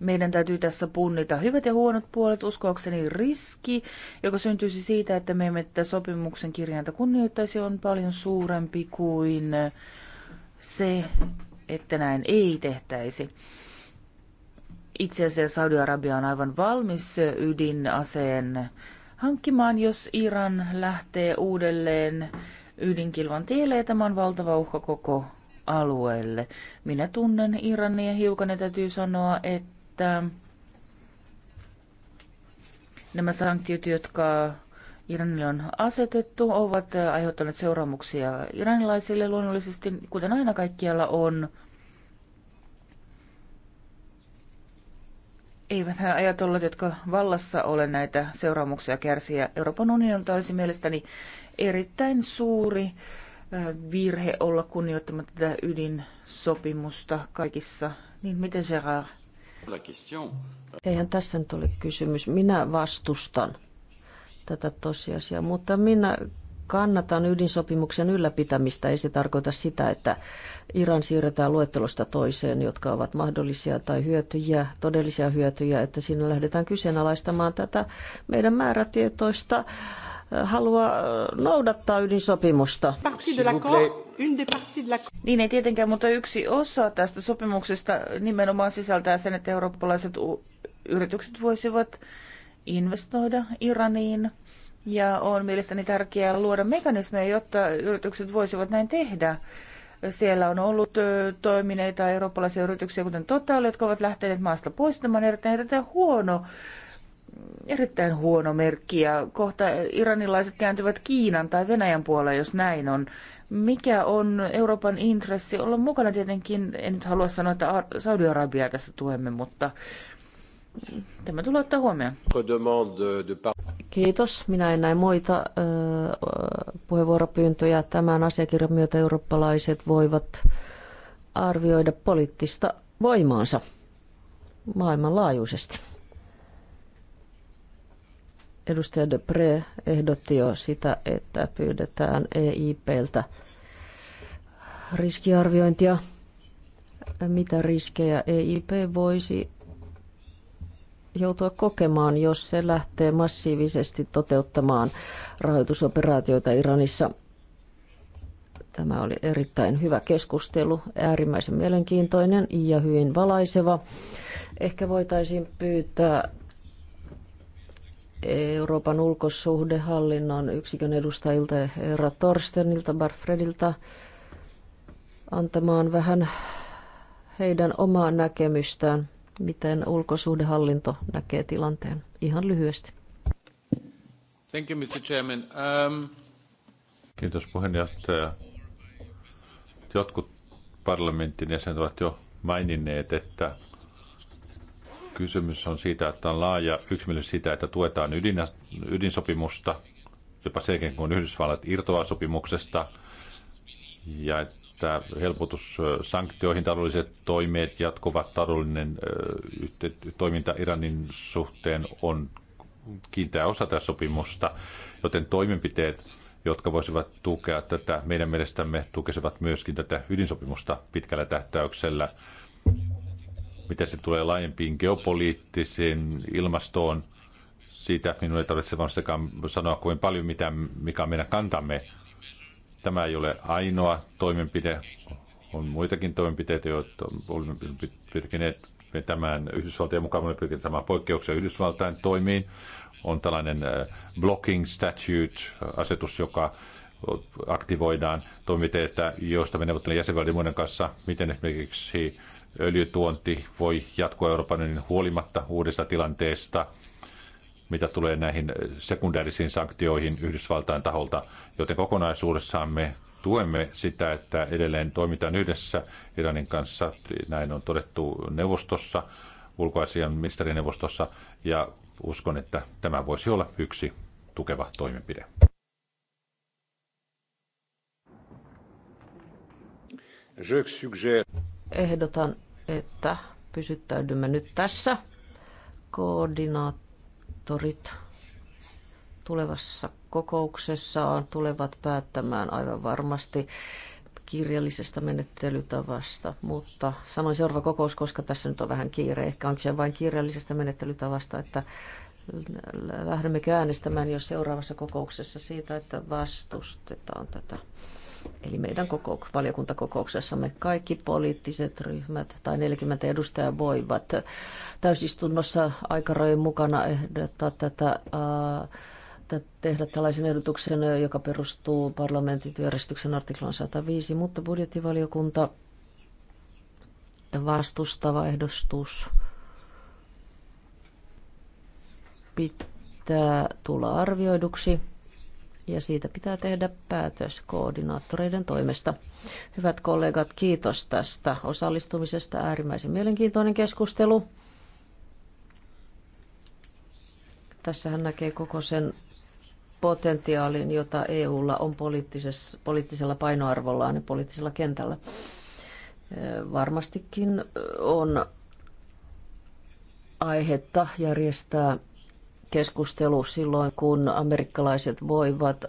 meidän täytyy tässä punnita hyvät ja huonot puolet, uskoakseni riski, joka syntyisi siitä, että me emme tätä sopimuksen kirjainta kunnioittaisi, on paljon suurempi kuin se, että näin ei tehtäisi. Itse asiassa Saudi-Arabia on aivan valmis ydinaseen hankkimaan, jos Iran lähtee uudelleen ydinkilvan tielle, ja tämä on valtava uhka koko alueelle. Minä tunnen Irania hiukan ja täytyy sanoa, että että nämä sanktiot, jotka Iranille on asetettu, ovat aiheuttaneet seuraamuksia iranilaisille luonnollisesti, kuten aina kaikkialla on. Eivät hän ajatolleet, jotka vallassa ole näitä seuraamuksia kärsiä. Euroopan unionilta olisi mielestäni erittäin suuri virhe olla kunnioittamatta tätä ydinsopimusta kaikissa. Niin miten raa? Eihän tässä nyt ole kysymys. Minä vastustan tätä tosiasiaa, mutta minä kannatan ydinsopimuksen ylläpitämistä. Ei se tarkoita sitä, että Iran siirretään luettelosta toiseen, jotka ovat mahdollisia tai hyötyjä, todellisia hyötyjä, että siinä lähdetään kyseenalaistamaan tätä meidän määrätietoista äh, halua noudattaa ydinsopimusta. Niin ei tietenkään, mutta yksi osa tästä sopimuksesta nimenomaan sisältää sen, että eurooppalaiset yritykset voisivat investoida Iraniin. Ja on mielestäni tärkeää luoda mekanismeja, jotta yritykset voisivat näin tehdä. Siellä on ollut toimineita eurooppalaisia yrityksiä, kuten Total, jotka ovat lähteneet maasta poistamaan erittäin, erittäin huono erittäin huono merkki ja kohta iranilaiset kääntyvät Kiinan tai Venäjän puoleen, jos näin on. Mikä on Euroopan intressi olla mukana tietenkin, en nyt halua sanoa, että saudi arabia tässä tuemme, mutta tämä tulee ottaa huomioon. Kiitos. Minä en näe muita äh, puheenvuoropyyntöjä. Tämän asiakirjan myötä eurooppalaiset voivat arvioida poliittista voimaansa maailmanlaajuisesti. Edustaja Pre ehdotti jo sitä, että pyydetään EIPltä riskiarviointia, mitä riskejä EIP voisi joutua kokemaan, jos se lähtee massiivisesti toteuttamaan rahoitusoperaatioita Iranissa. Tämä oli erittäin hyvä keskustelu, äärimmäisen mielenkiintoinen ja hyvin valaiseva. Ehkä voitaisiin pyytää Euroopan ulkosuhdehallinnon yksikön edustajilta herra Torstenilta, Barfredilta antamaan vähän heidän omaa näkemystään, miten ulkosuhdehallinto näkee tilanteen ihan lyhyesti. Thank you, Mr. Chairman. Um... Kiitos puheenjohtaja. Jotkut parlamentin jäsenet ovat jo maininneet, että Kysymys on siitä, että on laaja yksimielisyys siitä, että tuetaan ydin, ydinsopimusta, jopa sekin, kun Yhdysvallat irtoaa sopimuksesta, ja että helpotus sanktioihin taloudelliset toimet, jatkuvat taloudellinen toiminta Iranin suhteen on kiinteä osa tätä sopimusta, joten toimenpiteet, jotka voisivat tukea tätä meidän mielestämme, tukisivat myöskin tätä ydinsopimusta pitkällä tähtäyksellä mitä se tulee laajempiin geopoliittisiin ilmastoon. Siitä minun ei tarvitse varsinkaan sanoa kuin paljon, mitä, mikä meidän kantamme. Tämä ei ole ainoa toimenpide. On muitakin toimenpiteitä, joita olemme pyrkineet vetämään Yhdysvaltojen mukaan. Olemme pyrkineet tämän poikkeuksia Yhdysvaltain toimiin. On tällainen äh, blocking statute, asetus, joka aktivoidaan toimenpiteitä, joista me neuvottelemme jäsenvaltioiden kanssa, miten esimerkiksi öljytuonti voi jatkua Euroopan niin huolimatta uudesta tilanteesta, mitä tulee näihin sekundäärisiin sanktioihin Yhdysvaltain taholta, joten kokonaisuudessaan me tuemme sitä, että edelleen toimitaan yhdessä Iranin kanssa, näin on todettu neuvostossa, ulkoasian ministerineuvostossa, ja uskon, että tämä voisi olla yksi tukeva toimenpide. Je suggère... Ehdotan, että pysyttäydymme nyt tässä. Koordinaattorit tulevassa kokouksessaan tulevat päättämään aivan varmasti kirjallisesta menettelytavasta, mutta sanoin seuraava kokous, koska tässä nyt on vähän kiire, ehkä onko se vain kirjallisesta menettelytavasta, että lähdemmekö äänestämään jo seuraavassa kokouksessa siitä, että vastustetaan tätä eli meidän kokouk- valiokuntakokouksessamme kaikki poliittiset ryhmät tai 40 edustajaa voivat täysistunnossa aikarajojen mukana ehdottaa tätä ää, tehdä tällaisen ehdotuksen, joka perustuu parlamentin työjärjestyksen artiklaan 105, mutta budjettivaliokunta vastustava ehdotus pitää tulla arvioiduksi ja siitä pitää tehdä päätös koordinaattoreiden toimesta. Hyvät kollegat, kiitos tästä osallistumisesta. Äärimmäisen mielenkiintoinen keskustelu. Tässä hän näkee koko sen potentiaalin, jota EUlla on poliittisella painoarvollaan ja poliittisella kentällä. Varmastikin on aihetta järjestää keskustelu silloin, kun amerikkalaiset voivat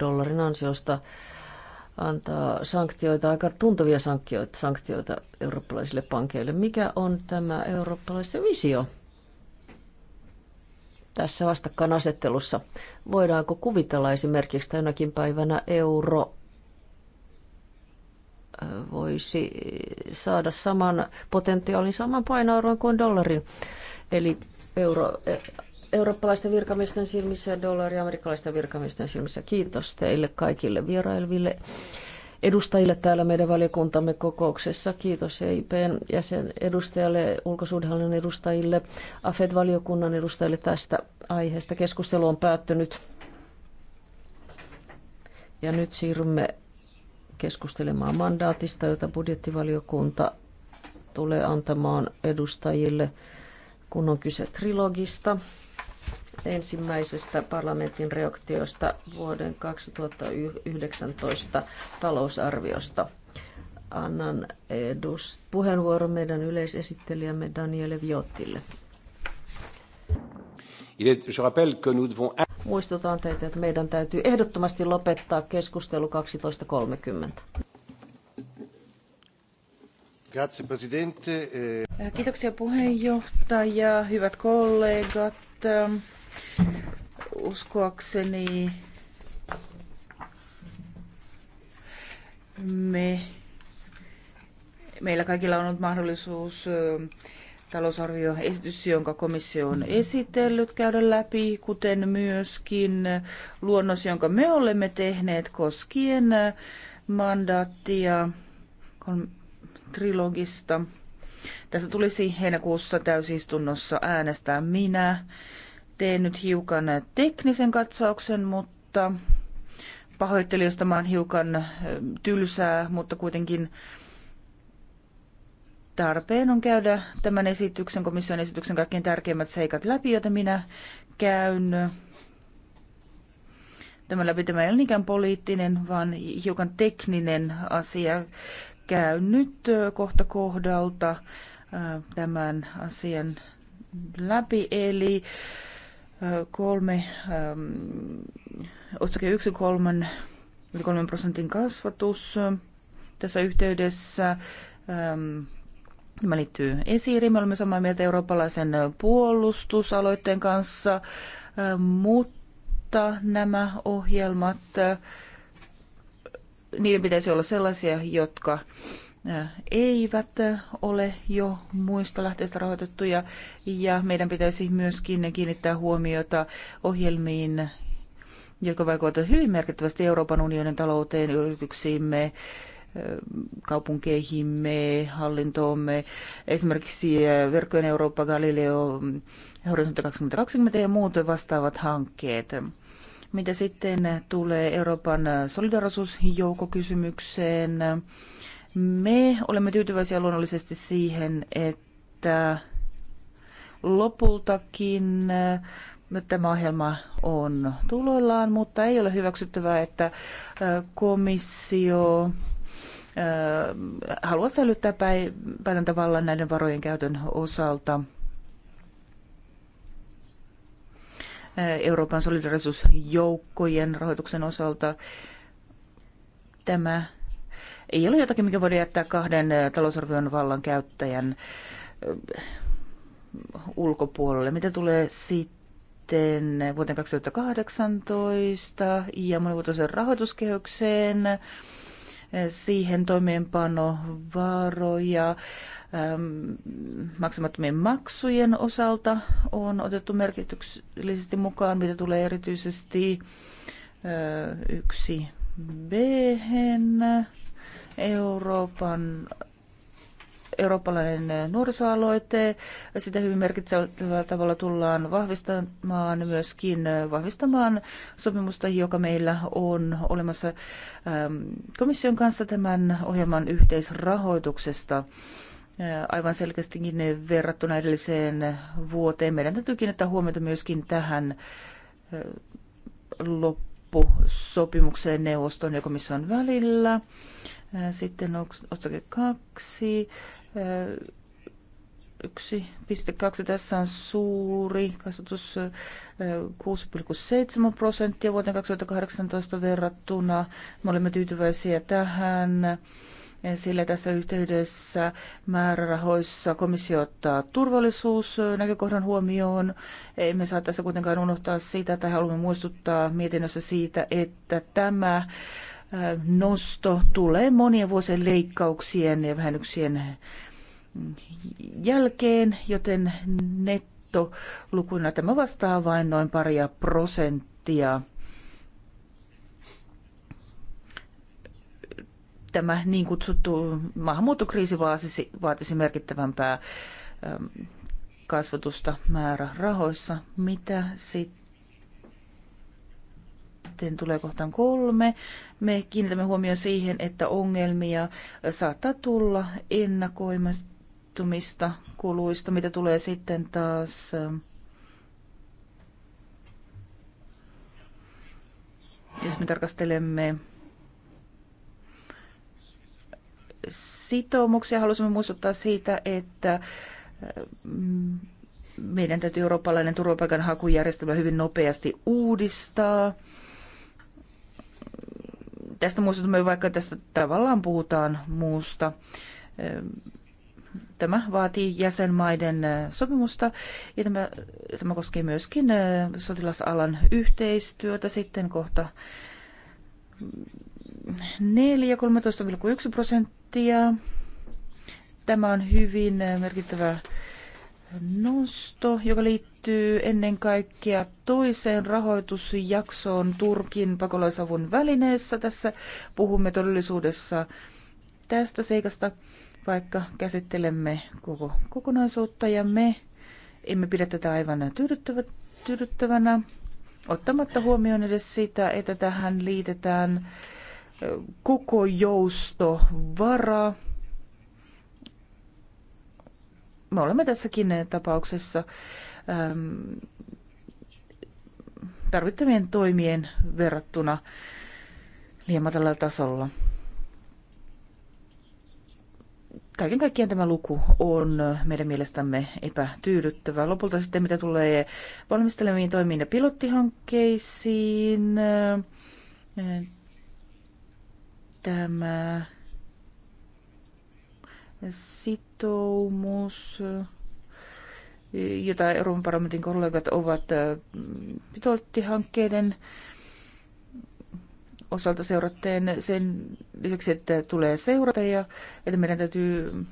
dollarin ansiosta antaa sanktioita, aika tuntuvia sanktioita, sanktioita eurooppalaisille pankeille. Mikä on tämä eurooppalaisten visio tässä vastakkainasettelussa? Voidaanko kuvitella esimerkiksi, että jonakin päivänä euro voisi saada saman potentiaalin, saman painoarvon kuin dollarin? Eli euro eurooppalaisten virkamiesten silmissä ja dollari amerikkalaisten virkamiesten silmissä. Kiitos teille kaikille vierailville edustajille täällä meidän valiokuntamme kokouksessa. Kiitos EIPn jäsen edustajalle, ulkosuudenhallinnon edustajille, AFED-valiokunnan edustajille tästä aiheesta. Keskustelu on päättynyt. Ja nyt siirrymme keskustelemaan mandaatista, jota budjettivaliokunta tulee antamaan edustajille, kun on kyse trilogista ensimmäisestä parlamentin reaktiosta vuoden 2019 talousarviosta. Annan edus puheenvuoron meidän yleisesittelijämme Daniele Viottille. Muistutan teitä, että meidän täytyy ehdottomasti lopettaa keskustelu 12.30. Eh, Kiitoksia puheenjohtaja, hyvät kollegat. Uskoakseni me, meillä kaikilla on ollut mahdollisuus talousarvioesitys, jonka komissio on esitellyt, käydä läpi, kuten myöskin luonnos, jonka me olemme tehneet koskien mandaattia trilogista. Tässä tulisi heinäkuussa täysistunnossa äänestää minä teen nyt hiukan teknisen katsauksen, mutta pahoittelen, jos tämä on hiukan tylsää, mutta kuitenkin tarpeen on käydä tämän esityksen, komission esityksen kaikkein tärkeimmät seikat läpi, joita minä käyn. Tämä läpi tämä ei ole niinkään poliittinen, vaan hiukan tekninen asia. Käyn nyt kohta kohdalta tämän asian läpi. Eli kolme, ähm, otsake yksi kolman, yli kolmen prosentin kasvatus tässä yhteydessä. Ähm, tämä liittyy esiin. Me olemme samaa mieltä eurooppalaisen puolustusaloitteen kanssa, ähm, mutta nämä ohjelmat, äh, niiden pitäisi olla sellaisia, jotka eivät ole jo muista lähteistä rahoitettuja ja meidän pitäisi myöskin kiinnittää huomiota ohjelmiin, jotka vaikuttavat hyvin merkittävästi Euroopan unionin talouteen, yrityksiimme, kaupunkeihimme, hallintoomme, esimerkiksi Verkkojen Eurooppa, Galileo, Horisontti 2020 ja muut vastaavat hankkeet. Mitä sitten tulee Euroopan solidarisuusjoukokysymykseen, kysymykseen me olemme tyytyväisiä luonnollisesti siihen, että lopultakin äh, tämä ohjelma on tuloillaan, mutta ei ole hyväksyttävää, että äh, komissio äh, haluaa säilyttää päivän tavallaan näiden varojen käytön osalta. Euroopan solidarisuusjoukkojen rahoituksen osalta tämä ei ole jotakin, mikä voidaan jättää kahden talousarvion vallan käyttäjän ulkopuolelle. Mitä tulee sitten vuoteen 2018 ja monivuotoisen rahoituskehykseen, siihen toimeenpanovaroja maksamattomien maksujen osalta on otettu merkityksellisesti mukaan, mitä tulee erityisesti yksi b Euroopan eurooppalainen nuorisoaloite. Sitä hyvin merkitsevällä tavalla tullaan vahvistamaan myöskin vahvistamaan sopimusta, joka meillä on olemassa ähm, komission kanssa tämän ohjelman yhteisrahoituksesta. Äh, aivan selkeästikin verrattuna edelliseen vuoteen. Meidän täytyy kiinnittää huomiota myöskin tähän äh, loppusopimukseen neuvoston ja komission välillä. Sitten otsake 2, 1,2. Tässä on suuri kasvatus 6,7 prosenttia vuoteen 2018 verrattuna. Me olemme tyytyväisiä tähän sillä tässä yhteydessä määrärahoissa komissio ottaa turvallisuusnäkökohdan huomioon. Emme saa tässä kuitenkaan unohtaa sitä, että haluamme muistuttaa mietinnössä siitä, että tämä nosto tulee monien vuosien leikkauksien ja vähennyksien jälkeen, joten nettolukuna tämä vastaa vain noin paria prosenttia. Tämä niin kutsuttu maahanmuuttokriisi vaatisi, vaatisi merkittävämpää kasvatusta määrärahoissa. Mitä sitten? lähteen tulee kohtaan kolme. Me kiinnitämme huomioon siihen, että ongelmia saattaa tulla ennakoimattomista kuluista, mitä tulee sitten taas äh, jos me tarkastelemme sitoumuksia, haluaisimme muistuttaa siitä, että äh, meidän täytyy eurooppalainen turvapaikanhakujärjestelmä hyvin nopeasti uudistaa tästä muistutamme, vaikka tässä tavallaan puhutaan muusta. Ehm, tämä vaatii jäsenmaiden eh, sopimusta ja tämä, tämä koskee myöskin eh, sotilasalan yhteistyötä sitten kohta 4,13,1 prosenttia. Tämä on hyvin eh, merkittävä nosto, joka liittyy ennen kaikkea toiseen rahoitusjaksoon Turkin pakolaisavun välineessä. Tässä puhumme todellisuudessa tästä seikasta, vaikka käsittelemme koko kokonaisuutta ja me emme pidä tätä aivan tyydyttävä, tyydyttävänä, ottamatta huomioon edes sitä, että tähän liitetään koko joustovara, me olemme tässäkin tapauksessa äm, tarvittavien toimien verrattuna liian tasolla. Kaiken kaikkiaan tämä luku on meidän mielestämme epätyydyttävä. Lopulta sitten mitä tulee valmistelemiin toimiin ja pilottihankkeisiin, äh, tämä sitoumus, jota Euroopan parlamentin kollegat ovat äh, pilottihankkeiden osalta seuratteen sen lisäksi, että tulee seurata ja että meidän täytyy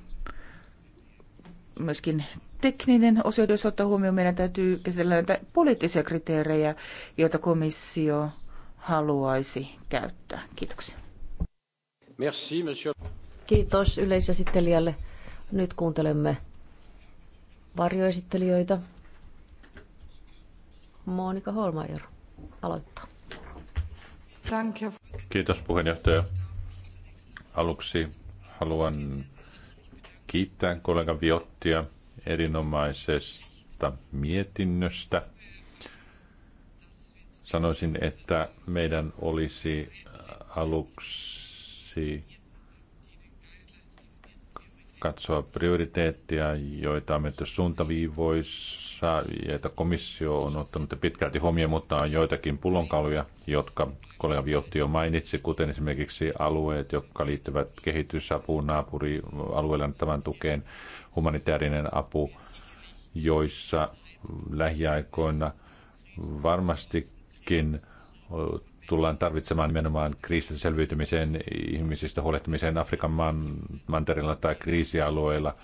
myöskin tekninen osio, jos ottaa huomioon, meidän täytyy käsitellä näitä poliittisia kriteerejä, joita komissio haluaisi käyttää. Kiitoksia. Merci, monsieur. Kiitos yleisesittelijälle. Nyt kuuntelemme varjoesittelijöitä. Monika Holmajor aloittaa. Kiitos puheenjohtaja. Aluksi haluan kiittää kollega Viottia erinomaisesta mietinnöstä. Sanoisin, että meidän olisi aluksi katsoa prioriteetteja, joita on menetty suuntaviivoissa, joita komissio on ottanut pitkälti huomioon, mutta on joitakin pullonkaluja, jotka kollega Viotti jo mainitsi, kuten esimerkiksi alueet, jotka liittyvät kehitysapuun, naapurialueelle tämän tukeen, humanitaarinen apu, joissa lähiaikoina varmastikin tullaan tarvitsemaan nimenomaan kriisistä selviytymiseen, ihmisistä huolehtimiseen Afrikan maan, mantereella tai kriisialueilla.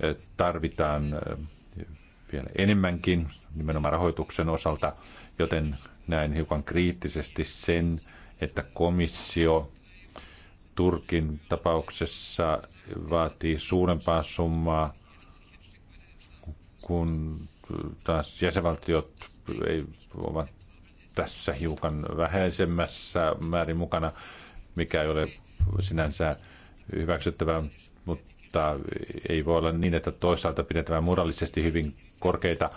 Eh, tarvitaan eh, vielä enemmänkin nimenomaan rahoituksen osalta, joten näin hiukan kriittisesti sen, että komissio Turkin tapauksessa vaatii suurempaa summaa kun taas jäsenvaltiot ei, ovat tässä hiukan vähäisemmässä määrin mukana, mikä ei ole sinänsä hyväksyttävää, mutta ei voi olla niin, että toisaalta pidetään moraalisesti hyvin korkeita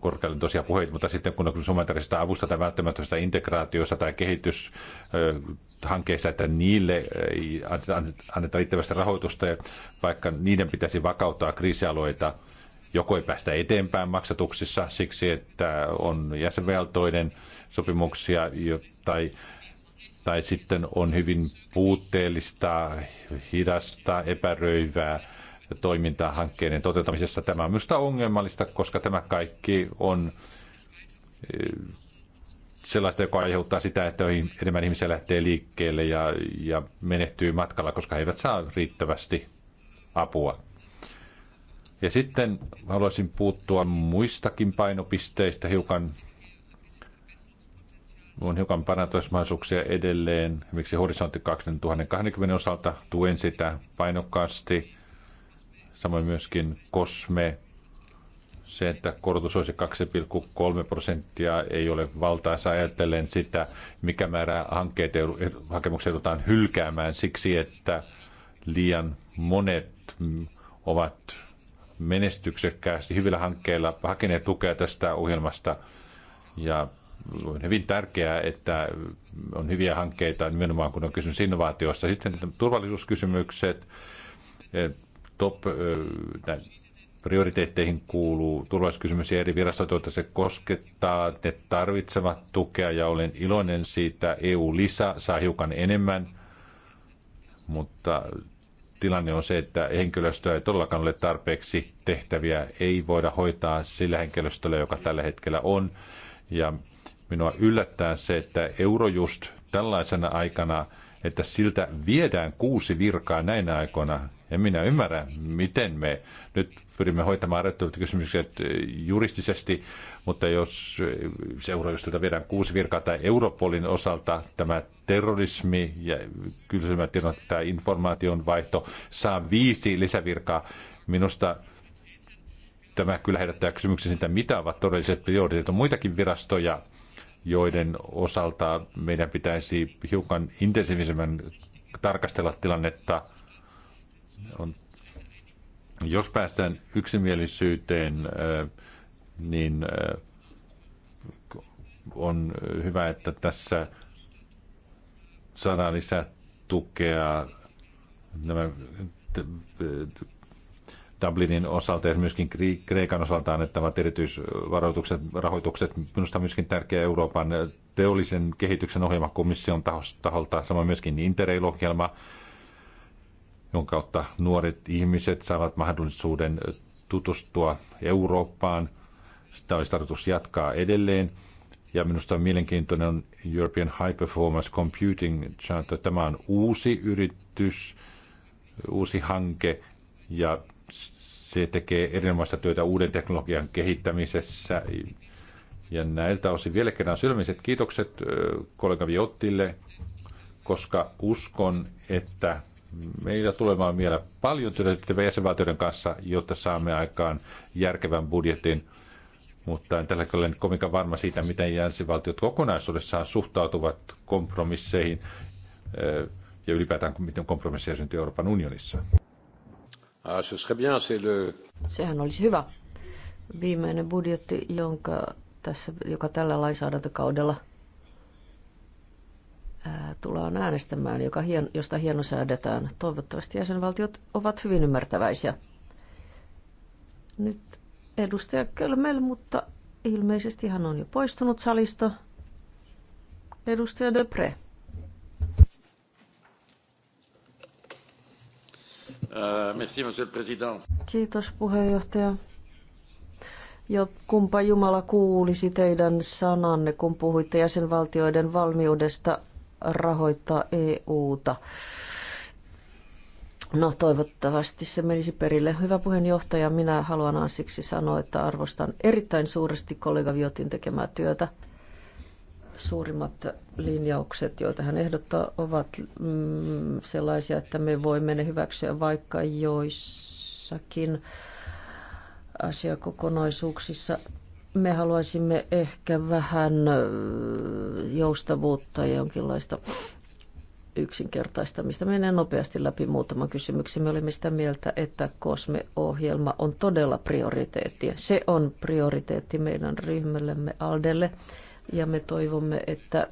korkealle tosiaan puheita, mutta sitten kun on humanitaarisesta avusta tai välttämättömästä integraatiosta tai kehityshankkeista, että niille annetaan riittävästi rahoitusta, vaikka niiden pitäisi vakauttaa kriisialueita – Joko ei päästä eteenpäin maksatuksissa siksi, että on jäsenvaltoiden sopimuksia tai, tai sitten on hyvin puutteellista, hidasta, epäröivää toimintaa hankkeiden toteuttamisessa. Tämä on minusta ongelmallista, koska tämä kaikki on eh, sellaista, joka aiheuttaa sitä, että enemmän ihmisiä lähtee liikkeelle ja, ja menehtyy matkalla, koska he eivät saa riittävästi apua. Ja sitten haluaisin puuttua muistakin painopisteistä hiukan. On hiukan parantamismahdollisuuksia edelleen. Miksi horisontti 2020 osalta tuen sitä painokkaasti. Samoin myöskin Kosme. Se, että korotus olisi 2,3 prosenttia, ei ole valtaisa ajatellen sitä, mikä määrä hankkeita, hakemuksia joudutaan hylkäämään siksi, että liian monet ovat menestyksekkäästi hyvillä hankkeilla hakeneet tukea tästä ohjelmasta. Ja on hyvin tärkeää, että on hyviä hankkeita nimenomaan kun on kysymys innovaatiosta. Sitten turvallisuuskysymykset, e, top e, prioriteetteihin kuuluu turvallisuuskysymys ja eri virastot, joita se koskettaa. Ne tarvitsevat tukea ja olen iloinen siitä. EU-lisä saa hiukan enemmän, mutta tilanne on se, että henkilöstöä ei todellakaan ole tarpeeksi tehtäviä, ei voida hoitaa sillä henkilöstöllä, joka tällä hetkellä on. Ja minua yllättää se, että Eurojust tällaisena aikana, että siltä viedään kuusi virkaa näinä aikoina. Ja minä ymmärrän, miten me nyt pyrimme hoitamaan kysymykset juristisesti, mutta jos seuraajustelta viedään kuusi virkaa tai Europolin osalta tämä terrorismi ja kysymystiedot tämä informaation vaihto saa viisi lisävirkaa, minusta tämä kyllä herättää kysymyksen siitä, mitä ovat todelliset prioriteetit. On muitakin virastoja, joiden osalta meidän pitäisi hiukan intensiivisemmän tarkastella tilannetta. On, jos päästään yksimielisyyteen äh, niin äh, on hyvä, että tässä saadaan lisää tukea nämä Dublinin osalta ja myöskin Kreikan osalta annettavat erityisvaroitukset, rahoitukset. Minusta on myöskin tärkeä Euroopan teollisen kehityksen ohjelma komission taholta, samoin myöskin Interrail-ohjelma, jonka kautta nuoret ihmiset saavat mahdollisuuden tutustua Eurooppaan sitä olisi tarkoitus jatkaa edelleen. Ja minusta on mielenkiintoinen on European High Performance Computing Charter. Tämä on uusi yritys, uusi hanke ja se tekee erinomaista työtä uuden teknologian kehittämisessä. Ja näiltä osin vielä kerran sylmiset kiitokset kollega Viottille, koska uskon, että meillä tulemaan vielä paljon työtä jäsenvaltioiden kanssa, jotta saamme aikaan järkevän budjetin – mutta en tällä hetkellä kovinkaan varma siitä, miten jäsenvaltiot kokonaisuudessaan suhtautuvat kompromisseihin eh, ja ylipäätään miten kompromisseja syntyy Euroopan unionissa. Ah, Sehän olisi hyvä. Viimeinen budjetti, jonka tässä, joka tällä lainsäädäntökaudella eh, tullaan äänestämään, joka hien, josta säädetään. Toivottavasti jäsenvaltiot ovat hyvin ymmärtäväisiä. Nyt edustaja Kölmel, mutta ilmeisesti hän on jo poistunut salista. Edustaja Depre. Euh, merci, monsieur le président. Kiitos puheenjohtaja. Ja kumpa Jumala kuulisi teidän sananne, kun puhuitte jäsenvaltioiden valmiudesta rahoittaa EUta. ta No toivottavasti se menisi perille. Hyvä puheenjohtaja, minä haluan ansiksi sanoa, että arvostan erittäin suuresti kollega Viotin tekemää työtä. Suurimmat linjaukset, joita hän ehdottaa, ovat mm, sellaisia, että me voimme ne hyväksyä vaikka joissakin asiakokonaisuuksissa me haluaisimme ehkä vähän mm, joustavuutta ja jonkinlaista yksinkertaistamista. Menen nopeasti läpi muutaman kysymyksen. Me olemme sitä mieltä, että COSME-ohjelma on todella prioriteetti. Se on prioriteetti meidän ryhmällemme Aldelle ja me toivomme, että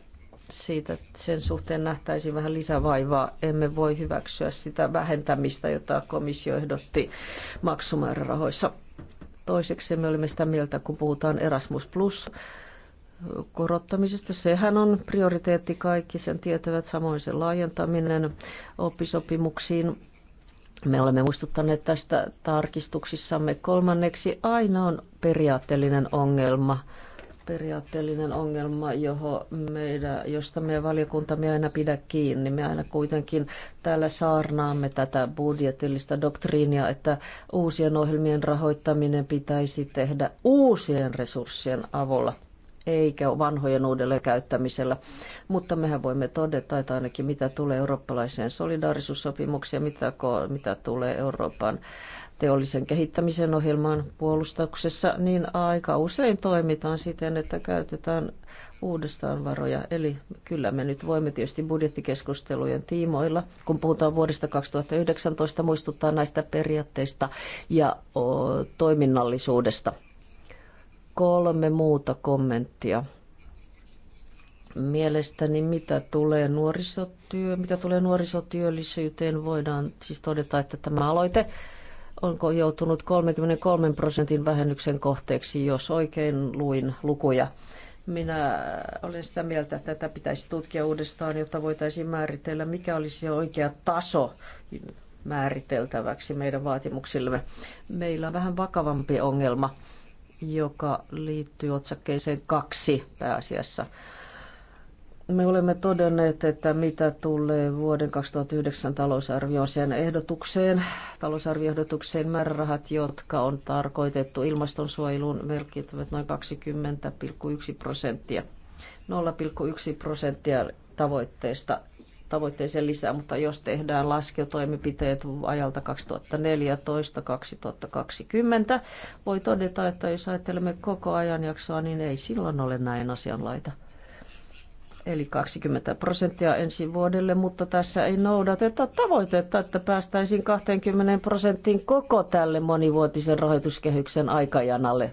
siitä sen suhteen nähtäisiin vähän lisävaivaa. Emme voi hyväksyä sitä vähentämistä, jota komissio ehdotti maksumäärärahoissa. Toiseksi me olemme sitä mieltä, kun puhutaan Erasmus Plus korottamisesta. Sehän on prioriteetti kaikki, sen tietävät samoin sen laajentaminen oppisopimuksiin. Me olemme muistuttaneet tästä tarkistuksissamme. Kolmanneksi aina on periaatteellinen ongelma, periaatteellinen ongelma, johon meidän, josta meidän valiokuntamme aina pidä kiinni. Me aina kuitenkin täällä saarnaamme tätä budjetillista doktriinia, että uusien ohjelmien rahoittaminen pitäisi tehdä uusien resurssien avulla eikä vanhojen uudelleen käyttämisellä. Mutta mehän voimme todeta, että ainakin mitä tulee eurooppalaiseen solidaarisuussopimukseen, mitä, mitä tulee Euroopan teollisen kehittämisen ohjelman puolustuksessa, niin aika usein toimitaan siten, että käytetään uudestaan varoja. Eli kyllä me nyt voimme tietysti budjettikeskustelujen tiimoilla, kun puhutaan vuodesta 2019, muistuttaa näistä periaatteista ja o, toiminnallisuudesta kolme muuta kommenttia. Mielestäni mitä tulee, nuorisotyö, mitä tulee nuorisotyöllisyyteen, voidaan siis todeta, että tämä aloite onko joutunut 33 prosentin vähennyksen kohteeksi, jos oikein luin lukuja. Minä olen sitä mieltä, että tätä pitäisi tutkia uudestaan, jotta voitaisiin määritellä, mikä olisi se oikea taso määriteltäväksi meidän vaatimuksillemme. Meillä on vähän vakavampi ongelma joka liittyy otsakkeeseen kaksi pääasiassa. Me olemme todenneet, että mitä tulee vuoden 2009 talousarvioon sen ehdotukseen, talousarvioehdotukseen määrärahat, jotka on tarkoitettu ilmastonsuojeluun, merkittävät noin 20,1 prosenttia. 0,1 prosenttia tavoitteesta tavoitteeseen lisää, mutta jos tehdään laskeutoimipiteet ajalta 2014-2020, voi todeta, että jos ajattelemme koko ajanjaksoa, niin ei silloin ole näin asianlaita eli 20 prosenttia ensi vuodelle, mutta tässä ei noudateta tavoitetta, että päästäisiin 20 prosenttiin koko tälle monivuotisen rahoituskehyksen aikajanalle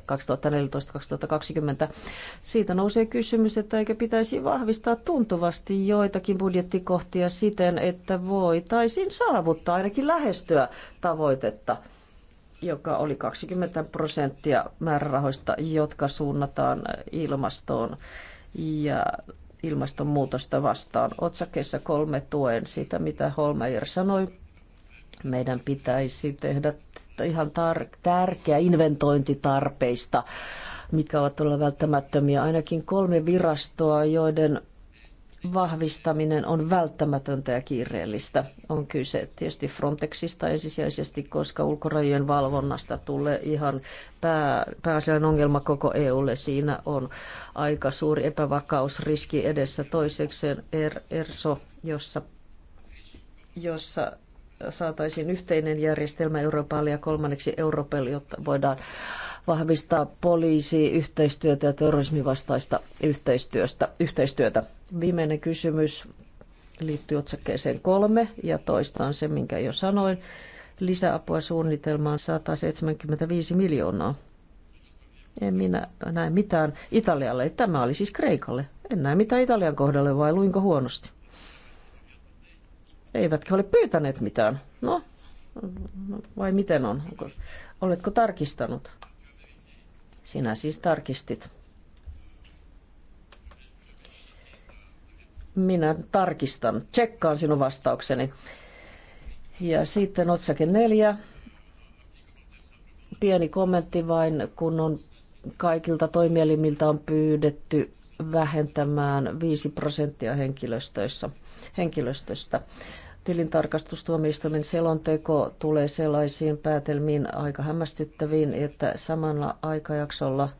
2014-2020. Siitä nousee kysymys, että eikö pitäisi vahvistaa tuntuvasti joitakin budjettikohtia siten, että voitaisiin saavuttaa ainakin lähestyä tavoitetta joka oli 20 prosenttia määrärahoista, jotka suunnataan ilmastoon ja ilmastonmuutosta vastaan. Otsakkeessa kolme tuen sitä, mitä Holmeier sanoi. Meidän pitäisi tehdä ihan tar- tärkeä inventointitarpeista, mitkä ovat olla välttämättömiä. Ainakin kolme virastoa, joiden vahvistaminen on välttämätöntä ja kiireellistä. On kyse tietysti Frontexista ensisijaisesti, koska ulkorajojen valvonnasta tulee ihan pää, pääasiallinen ongelma koko EUlle. Siinä on aika suuri epävakausriski edessä toisekseen er, ERSO, jossa, jossa saataisiin yhteinen järjestelmä Euroopalle ja kolmanneksi Euroopalle, jotta voidaan vahvistaa poliisi, yhteistyötä ja terrorismin vastaista yhteistyöstä, yhteistyötä. Viimeinen kysymys liittyy otsakkeeseen kolme ja toistaan se, minkä jo sanoin. Lisäapua suunnitelmaan 175 miljoonaa. En minä näe mitään Italialle. Tämä oli siis Kreikalle. En näe mitään Italian kohdalle, vai luinko huonosti? Eivätkö ole pyytäneet mitään? No, vai miten on? Oletko tarkistanut? Sinä siis tarkistit. Minä tarkistan, tsekkaan sinun vastaukseni. Ja sitten otsake neljä. Pieni kommentti vain, kun on kaikilta toimielimiltä on pyydetty vähentämään 5 prosenttia henkilöstöissä, henkilöstöstä. Tilintarkastustuomioistuimen selonteko tulee sellaisiin päätelmiin aika hämmästyttäviin, että samalla aikajaksolla –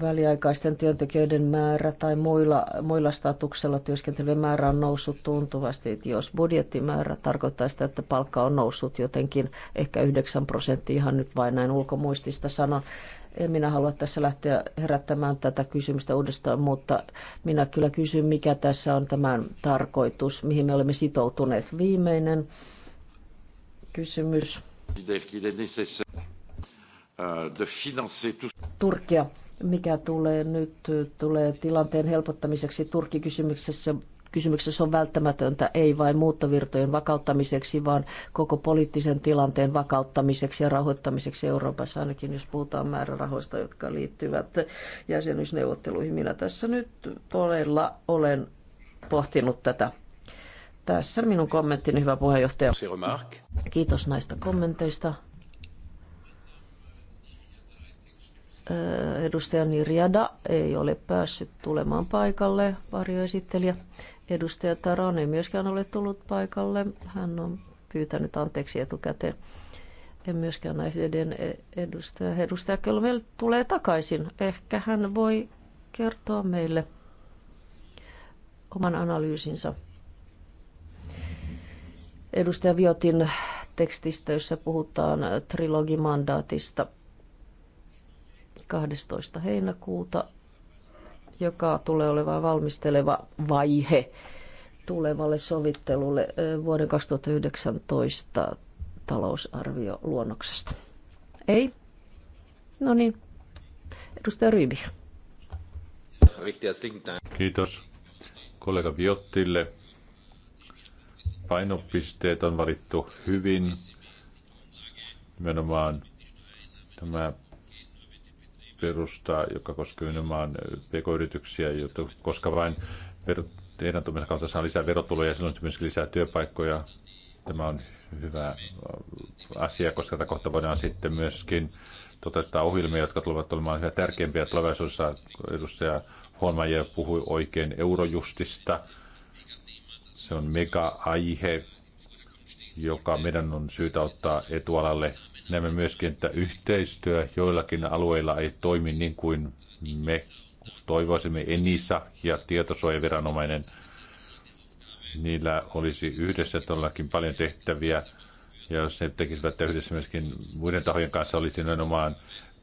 väliaikaisten työntekijöiden määrä tai muilla, muilla statuksella työskentelyjen määrä on noussut tuntuvasti. Jos budjettimäärä tarkoittaa sitä, että palkka on noussut jotenkin ehkä 9 prosenttia, ihan nyt vain näin ulkomuistista sanon, en minä halua tässä lähteä herättämään tätä kysymystä uudestaan, mutta minä kyllä kysyn, mikä tässä on tämän tarkoitus, mihin me olemme sitoutuneet. Viimeinen kysymys. Euh, Turkia, mikä tulee nyt tulee tilanteen helpottamiseksi Turkki-kysymyksessä kysymyksessä on välttämätöntä ei vain muuttovirtojen vakauttamiseksi, vaan koko poliittisen tilanteen vakauttamiseksi ja rahoittamiseksi Euroopassa, ainakin jos puhutaan määrärahoista, jotka liittyvät jäsenyysneuvotteluihin. Minä tässä nyt todella olen pohtinut tätä. Tässä minun kommenttini, hyvä puheenjohtaja. Kiitos näistä kommenteista. Edustaja Nirjada ei ole päässyt tulemaan paikalle, varjoesittelijä. Edustaja Taran ei myöskään ole tullut paikalle. Hän on pyytänyt anteeksi etukäteen. En myöskään näiden e, edustaja. Edustaja Kölmel tulee takaisin. Ehkä hän voi kertoa meille oman analyysinsä edustaja Viotin tekstistä, jossa puhutaan trilogimandaatista. 12. heinäkuuta, joka tulee olemaan valmisteleva vaihe tulevalle sovittelulle vuoden 2019 talousarvioluonnoksesta. Ei? No niin. Edustaja Ryby. Kiitos kollega Viottille. Painopisteet on valittu hyvin. Nimenomaan tämä perustaa, joka koskee nimenomaan pk-yrityksiä, koska vain teidän tuomisen kautta saa lisää verotuloja ja silloin myöskin lisää työpaikkoja. Tämä on hyvä äh, asia, koska tätä kohta voidaan sitten myöskin toteuttaa ohjelmia, jotka tulevat olemaan yhä tärkeimpiä tulevaisuudessa. Edustaja Holmajer puhui oikein eurojustista. Se on mega-aihe, joka meidän on syytä ottaa etualalle Näemme myöskin, että yhteistyö joillakin alueilla ei toimi niin kuin me toivoisimme. Enisa ja tietosuojaviranomainen, niillä olisi yhdessä todellakin paljon tehtäviä. Ja jos ne tekisivät yhdessä myöskin muiden tahojen kanssa, olisi nimenomaan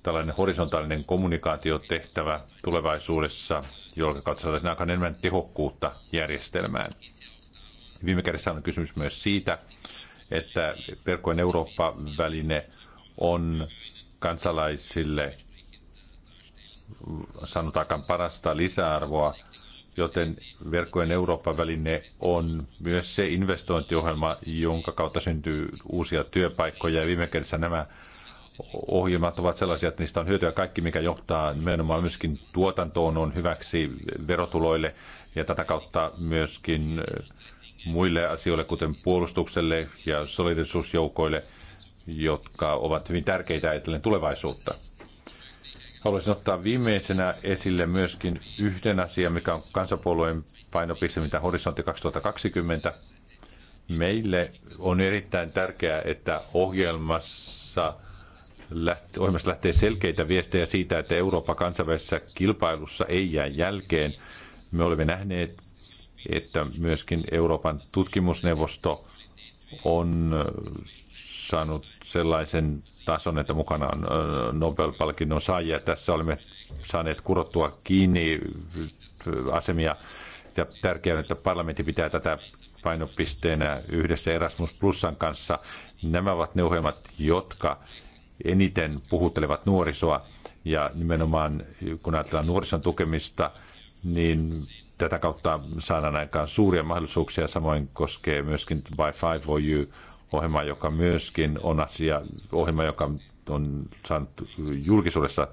tällainen horisontaalinen kommunikaatiotehtävä tulevaisuudessa, jonka kautta saataisiin aika enemmän tehokkuutta järjestelmään. Viime kädessä on kysymys myös siitä, että verkkojen Eurooppa-väline on kansalaisille sanotaan parasta lisäarvoa, joten verkkojen Eurooppa-väline on myös se investointiohjelma, jonka kautta syntyy uusia työpaikkoja ja viime kädessä nämä ohjelmat ovat sellaisia, että niistä on hyötyä kaikki, mikä johtaa nimenomaan myöskin tuotantoon on hyväksi verotuloille ja tätä kautta myöskin muille asioille, kuten puolustukselle ja solidisuusjoukoille, jotka ovat hyvin tärkeitä ajatellen tulevaisuutta. Haluaisin ottaa viimeisenä esille myöskin yhden asian, mikä on kansanpuolueen painopiste, mitä horisontti 2020. Meille on erittäin tärkeää, että ohjelmassa lähtee, ohjelmassa lähtee selkeitä viestejä siitä, että Eurooppa kansainvälisessä kilpailussa ei jää jälkeen. Me olemme nähneet että myöskin Euroopan tutkimusneuvosto on äh, saanut sellaisen tason, että mukana on äh, Nobel-palkinnon saajia. Tässä olemme saaneet kurottua kiinni äh, asemia ja tärkeää, että parlamentti pitää tätä painopisteenä yhdessä Erasmus Plusan kanssa. Nämä ovat ne ohjelmat, jotka eniten puhuttelevat nuorisoa ja nimenomaan kun ajatellaan nuorison tukemista, niin tätä kautta saadaan aikaan suuria mahdollisuuksia. Samoin koskee myöskin by 5 for You ohjelma, joka myöskin on asia, ohjelma, joka on saanut julkisuudessa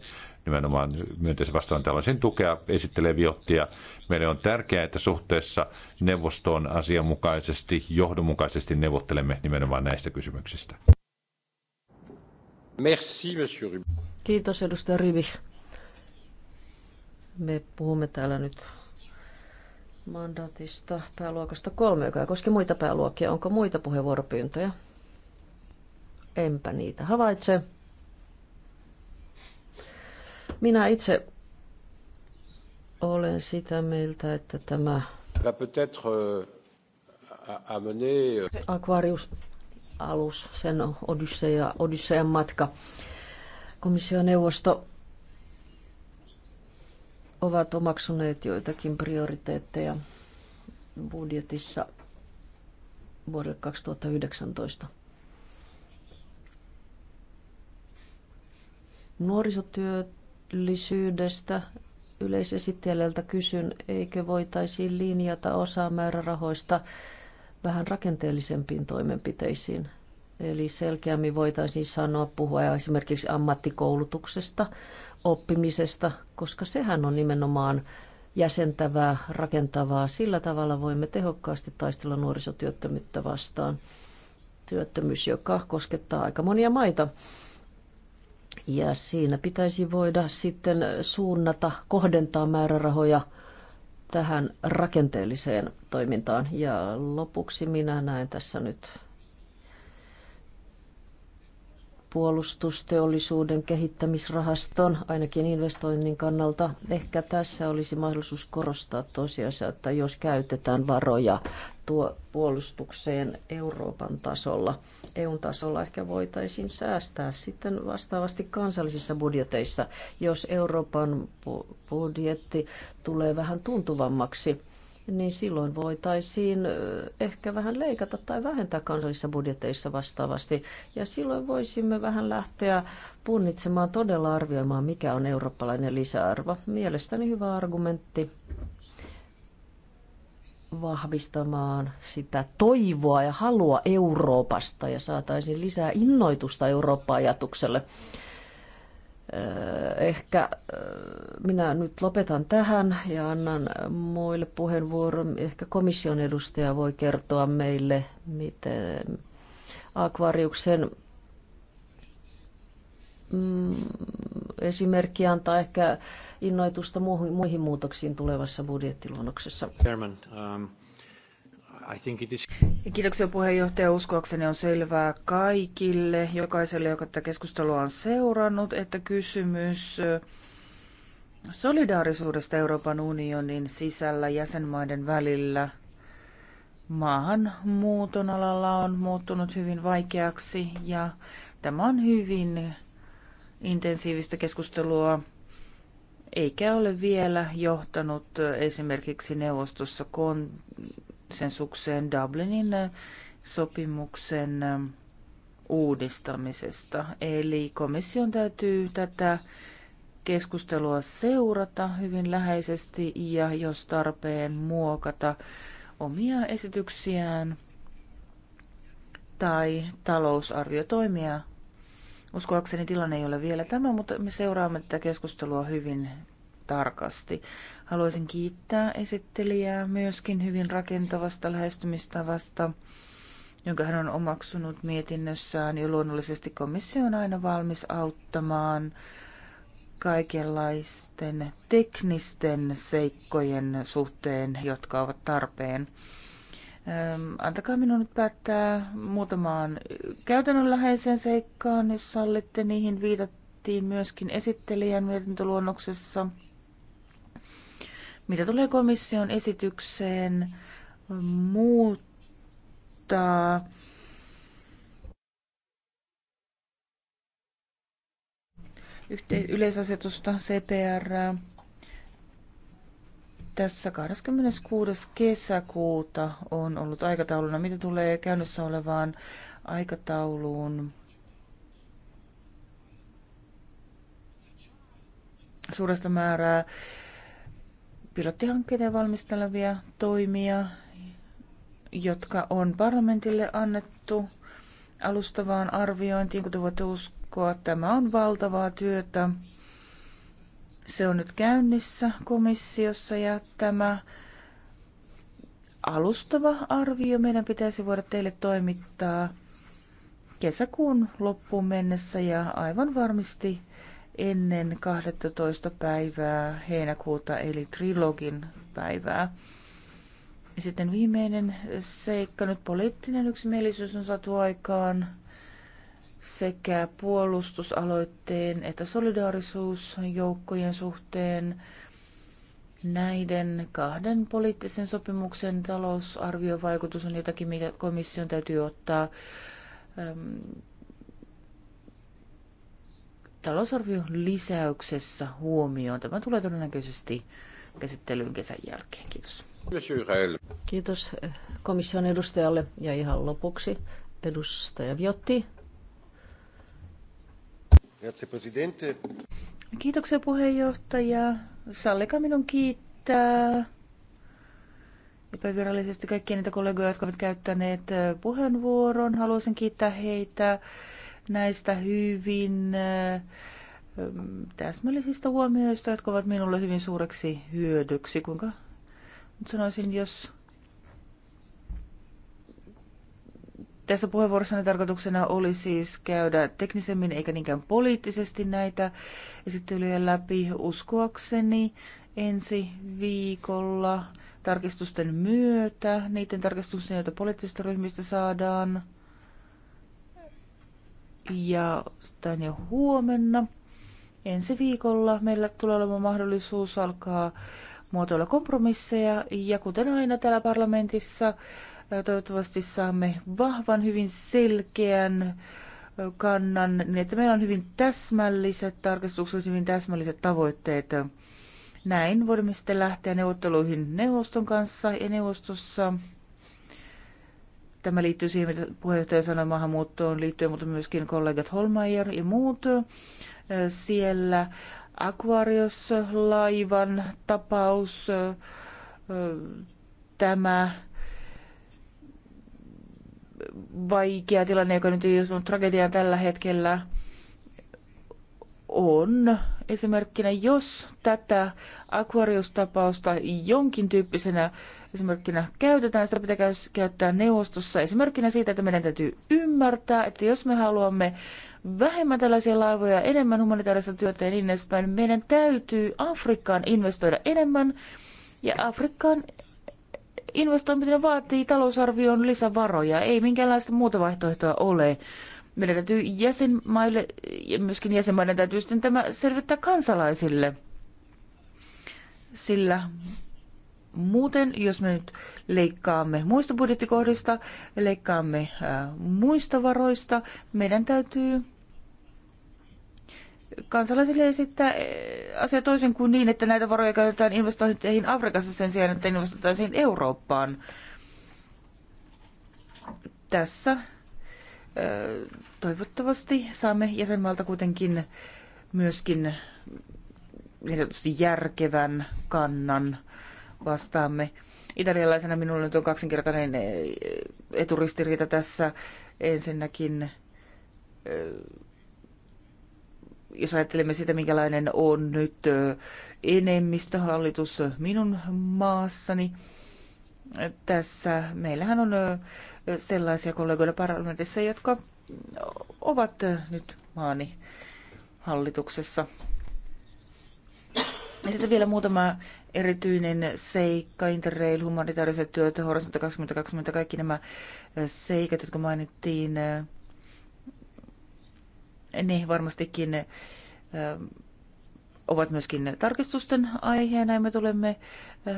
nimenomaan myönteisen vastaan. tällaisen tukea esittelee Viottia. Meille on tärkeää, että suhteessa neuvostoon asianmukaisesti, johdonmukaisesti neuvottelemme nimenomaan näistä kysymyksistä. Merci, Kiitos, edustaja Rivi. Me puhumme täällä nyt mandaatista pääluokasta kolme, joka koski muita pääluokkia. Onko muita puheenvuoropyyntöjä? Enpä niitä havaitse. Minä itse olen sitä mieltä, että tämä euh, euh, Aquarius-alus, sen Odysseja, Odyssean matka, komissioneuvosto ovat omaksuneet joitakin prioriteetteja budjetissa vuodelle 2019. Nuorisotyöllisyydestä yleisesittelijältä kysyn, eikö voitaisiin linjata osa määrärahoista vähän rakenteellisempiin toimenpiteisiin – Eli selkeämmin voitaisiin sanoa puhua esimerkiksi ammattikoulutuksesta, oppimisesta, koska sehän on nimenomaan jäsentävää, rakentavaa. Sillä tavalla voimme tehokkaasti taistella nuorisotyöttömyyttä vastaan. Työttömyys, joka koskettaa aika monia maita. Ja siinä pitäisi voida sitten suunnata, kohdentaa määrärahoja tähän rakenteelliseen toimintaan. Ja lopuksi minä näen tässä nyt puolustusteollisuuden kehittämisrahaston, ainakin investoinnin kannalta. Ehkä tässä olisi mahdollisuus korostaa tosiasia, että jos käytetään varoja tuo puolustukseen Euroopan tasolla, EUn tasolla ehkä voitaisiin säästää sitten vastaavasti kansallisissa budjeteissa, jos Euroopan budjetti tulee vähän tuntuvammaksi niin silloin voitaisiin ehkä vähän leikata tai vähentää kansallisissa budjeteissa vastaavasti. Ja silloin voisimme vähän lähteä punnitsemaan, todella arvioimaan, mikä on eurooppalainen lisäarvo. Mielestäni hyvä argumentti vahvistamaan sitä toivoa ja halua Euroopasta ja saataisiin lisää innoitusta Eurooppa-ajatukselle. Äh, ehkä äh, minä nyt lopetan tähän ja annan muille puheenvuoron. Ehkä komission edustaja voi kertoa meille, miten akvariuksen mm, esimerkki antaa ehkä innoitusta muihin muutoksiin tulevassa budjettiluonnoksessa. Chairman, um... Kiitoksia puheenjohtaja. Uskoakseni on selvää kaikille, jokaiselle, joka tätä keskustelua on seurannut, että kysymys eh, solidaarisuudesta Euroopan unionin sisällä jäsenmaiden välillä maahanmuuton alalla on muuttunut hyvin vaikeaksi ja tämä on hyvin intensiivistä keskustelua eikä ole vielä johtanut eh, esimerkiksi neuvostossa kon- sen sukseen Dublinin äh, sopimuksen ähm, uudistamisesta. Eli komission täytyy tätä keskustelua seurata hyvin läheisesti ja jos tarpeen muokata omia esityksiään tai talousarviotoimia. Uskoakseni tilanne ei ole vielä tämä, mutta me seuraamme tätä keskustelua hyvin tarkasti. Haluaisin kiittää esittelijää myöskin hyvin rakentavasta lähestymistavasta, jonka hän on omaksunut mietinnössään ja luonnollisesti komissio on aina valmis auttamaan kaikenlaisten teknisten seikkojen suhteen, jotka ovat tarpeen. Antakaa minun nyt päättää muutamaan käytännönläheiseen seikkaan, jos sallitte. Niihin viitattiin myöskin esittelijän mietintöluonnoksessa. Mitä tulee komission esitykseen muuttaa yhte- yleisasetusta CPR tässä 26. kesäkuuta on ollut aikatauluna. Mitä tulee käynnissä olevaan aikatauluun? Suuresta määrää pilottihankkeita valmistelevia toimia, jotka on parlamentille annettu alustavaan arviointiin, kuten voitte uskoa. Tämä on valtavaa työtä. Se on nyt käynnissä komissiossa ja tämä alustava arvio meidän pitäisi voida teille toimittaa kesäkuun loppuun mennessä ja aivan varmasti ennen 12. päivää heinäkuuta, eli trilogin päivää. Sitten viimeinen seikka, nyt poliittinen yksimielisyys on saatu aikaan sekä puolustusaloitteen että solidaarisuusjoukkojen suhteen. Näiden kahden poliittisen sopimuksen talousarviovaikutus on jotakin, mitä komission täytyy ottaa talousarvion lisäyksessä huomioon. Tämä tulee todennäköisesti käsittelyyn kesän jälkeen. Kiitos. Kiitos eh, komission edustajalle ja ihan lopuksi edustaja Viotti. Kiitoksia puheenjohtaja. Sallika minun kiittää epävirallisesti kaikkia niitä kollegoja, jotka ovat käyttäneet eh, puheenvuoron. Haluaisin kiittää heitä näistä hyvin täsmällisistä huomioista, jotka ovat minulle hyvin suureksi hyödyksi. Kuinka nyt sanoisin, jos tässä puheenvuorossani tarkoituksena oli siis käydä teknisemmin eikä niinkään poliittisesti näitä esittelyjä läpi uskoakseni ensi viikolla tarkistusten myötä, niiden tarkistusten, joita poliittisista ryhmistä saadaan ja tämän jo huomenna. Ensi viikolla meillä tulee olemaan mahdollisuus alkaa muotoilla kompromisseja ja kuten aina täällä parlamentissa äh, toivottavasti saamme vahvan, hyvin selkeän äh, kannan, niin että meillä on hyvin täsmälliset tarkastukset hyvin täsmälliset tavoitteet. Näin voimme sitten lähteä neuvotteluihin neuvoston kanssa ja neuvostossa Tämä liittyy siihen, mitä puheenjohtaja sanoi maahanmuuttoon liittyen, mutta myöskin kollegat Holmeier ja muut siellä. Aquarius-laivan tapaus, tämä vaikea tilanne, joka nyt ei ole tragedia tällä hetkellä, on esimerkkinä, jos tätä Aquarius-tapausta jonkin tyyppisenä esimerkkinä käytetään, sitä pitää käyttää neuvostossa esimerkkinä siitä, että meidän täytyy ymmärtää, että jos me haluamme vähemmän tällaisia laivoja, enemmän humanitaarista työtä ja niin edespäin, meidän täytyy Afrikkaan investoida enemmän ja Afrikkaan investoiminen vaatii talousarvion lisävaroja, ei minkäänlaista muuta vaihtoehtoa ole. Meidän täytyy jäsenmaille ja myöskin jäsenmaiden täytyy sitten tämä selvittää kansalaisille, sillä Muuten, jos me nyt leikkaamme muista budjettikohdista, leikkaamme äh, muista varoista, meidän täytyy kansalaisille esittää äh, asia toisin kuin niin, että näitä varoja käytetään investointeihin Afrikassa sen sijaan, että investoitaisiin Eurooppaan. Tässä äh, toivottavasti saamme jäsenmaalta kuitenkin myöskin niin järkevän kannan vastaamme. Italialaisena minulla nyt on kaksinkertainen eh, eturistiriita tässä. Ensinnäkin eh, jos ajattelemme sitä, minkälainen on nyt eh, enemmistöhallitus minun maassani, tässä meillähän on sellaisia kollegoita parlamentissa, jotka ovat nyt maani hallituksessa. Ja sitten vielä muutama erityinen seikka, Interrail, humanitaariset työt, Horisontti 2020, kaikki nämä eh, seikat, jotka mainittiin, eh, ne varmastikin eh, ovat myöskin tarkistusten aiheena me tulemme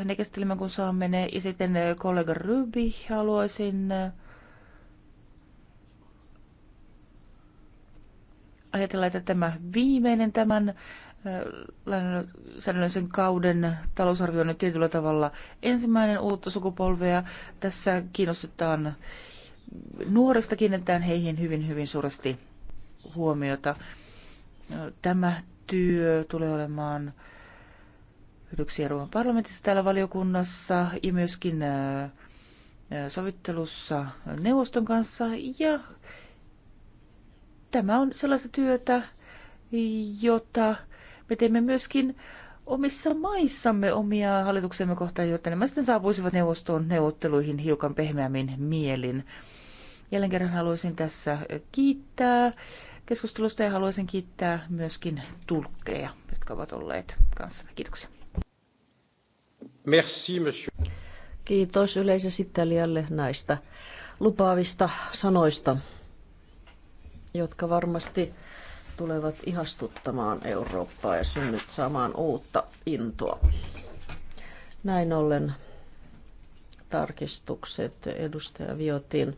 ne käsittelemään, kun saamme ne. Ja sitten kollega Ruby haluaisin ajatella, että tämä viimeinen tämän säännöllisen kauden talousarvio on tietyllä tavalla ensimmäinen uutta sukupolvea. Tässä kiinnostetaan nuorista, kiinnitetään heihin hyvin, hyvin suuresti huomiota. Tämä työ tulee olemaan yksi Euroopan parlamentissa täällä valiokunnassa ja myöskin sovittelussa neuvoston kanssa. Ja tämä on sellaista työtä, jota me teemme myöskin omissa maissamme omia hallituksemme kohtaan, jotta nämä sitten saapuisivat neuvostoon neuvotteluihin hiukan pehmeämmin mielin. Jälleen kerran haluaisin tässä kiittää keskustelusta ja haluaisin kiittää myöskin tulkkeja, jotka ovat olleet kanssamme. Kiitoksia. Merci, monsieur. Kiitos yleisesittelijälle näistä lupaavista sanoista, jotka varmasti tulevat ihastuttamaan Eurooppaa ja synnyt saamaan uutta intoa. Näin ollen tarkistukset edustaja Viotin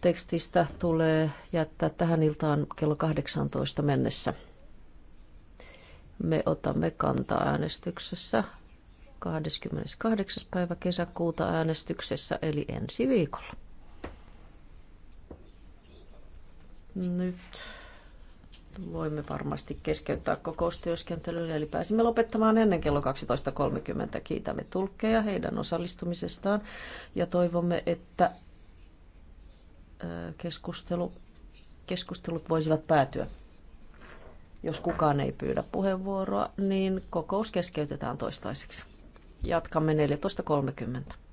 tekstistä tulee jättää tähän iltaan kello 18 mennessä. Me otamme kantaa äänestyksessä 28. päivä kesäkuuta äänestyksessä eli ensi viikolla. Nyt voimme varmasti keskeyttää kokoustyöskentelyn, eli pääsimme lopettamaan ennen kello 12.30. Kiitämme tulkkeja heidän osallistumisestaan ja toivomme, että keskustelu, keskustelut voisivat päätyä. Jos kukaan ei pyydä puheenvuoroa, niin kokous keskeytetään toistaiseksi. Jatkamme 14.30.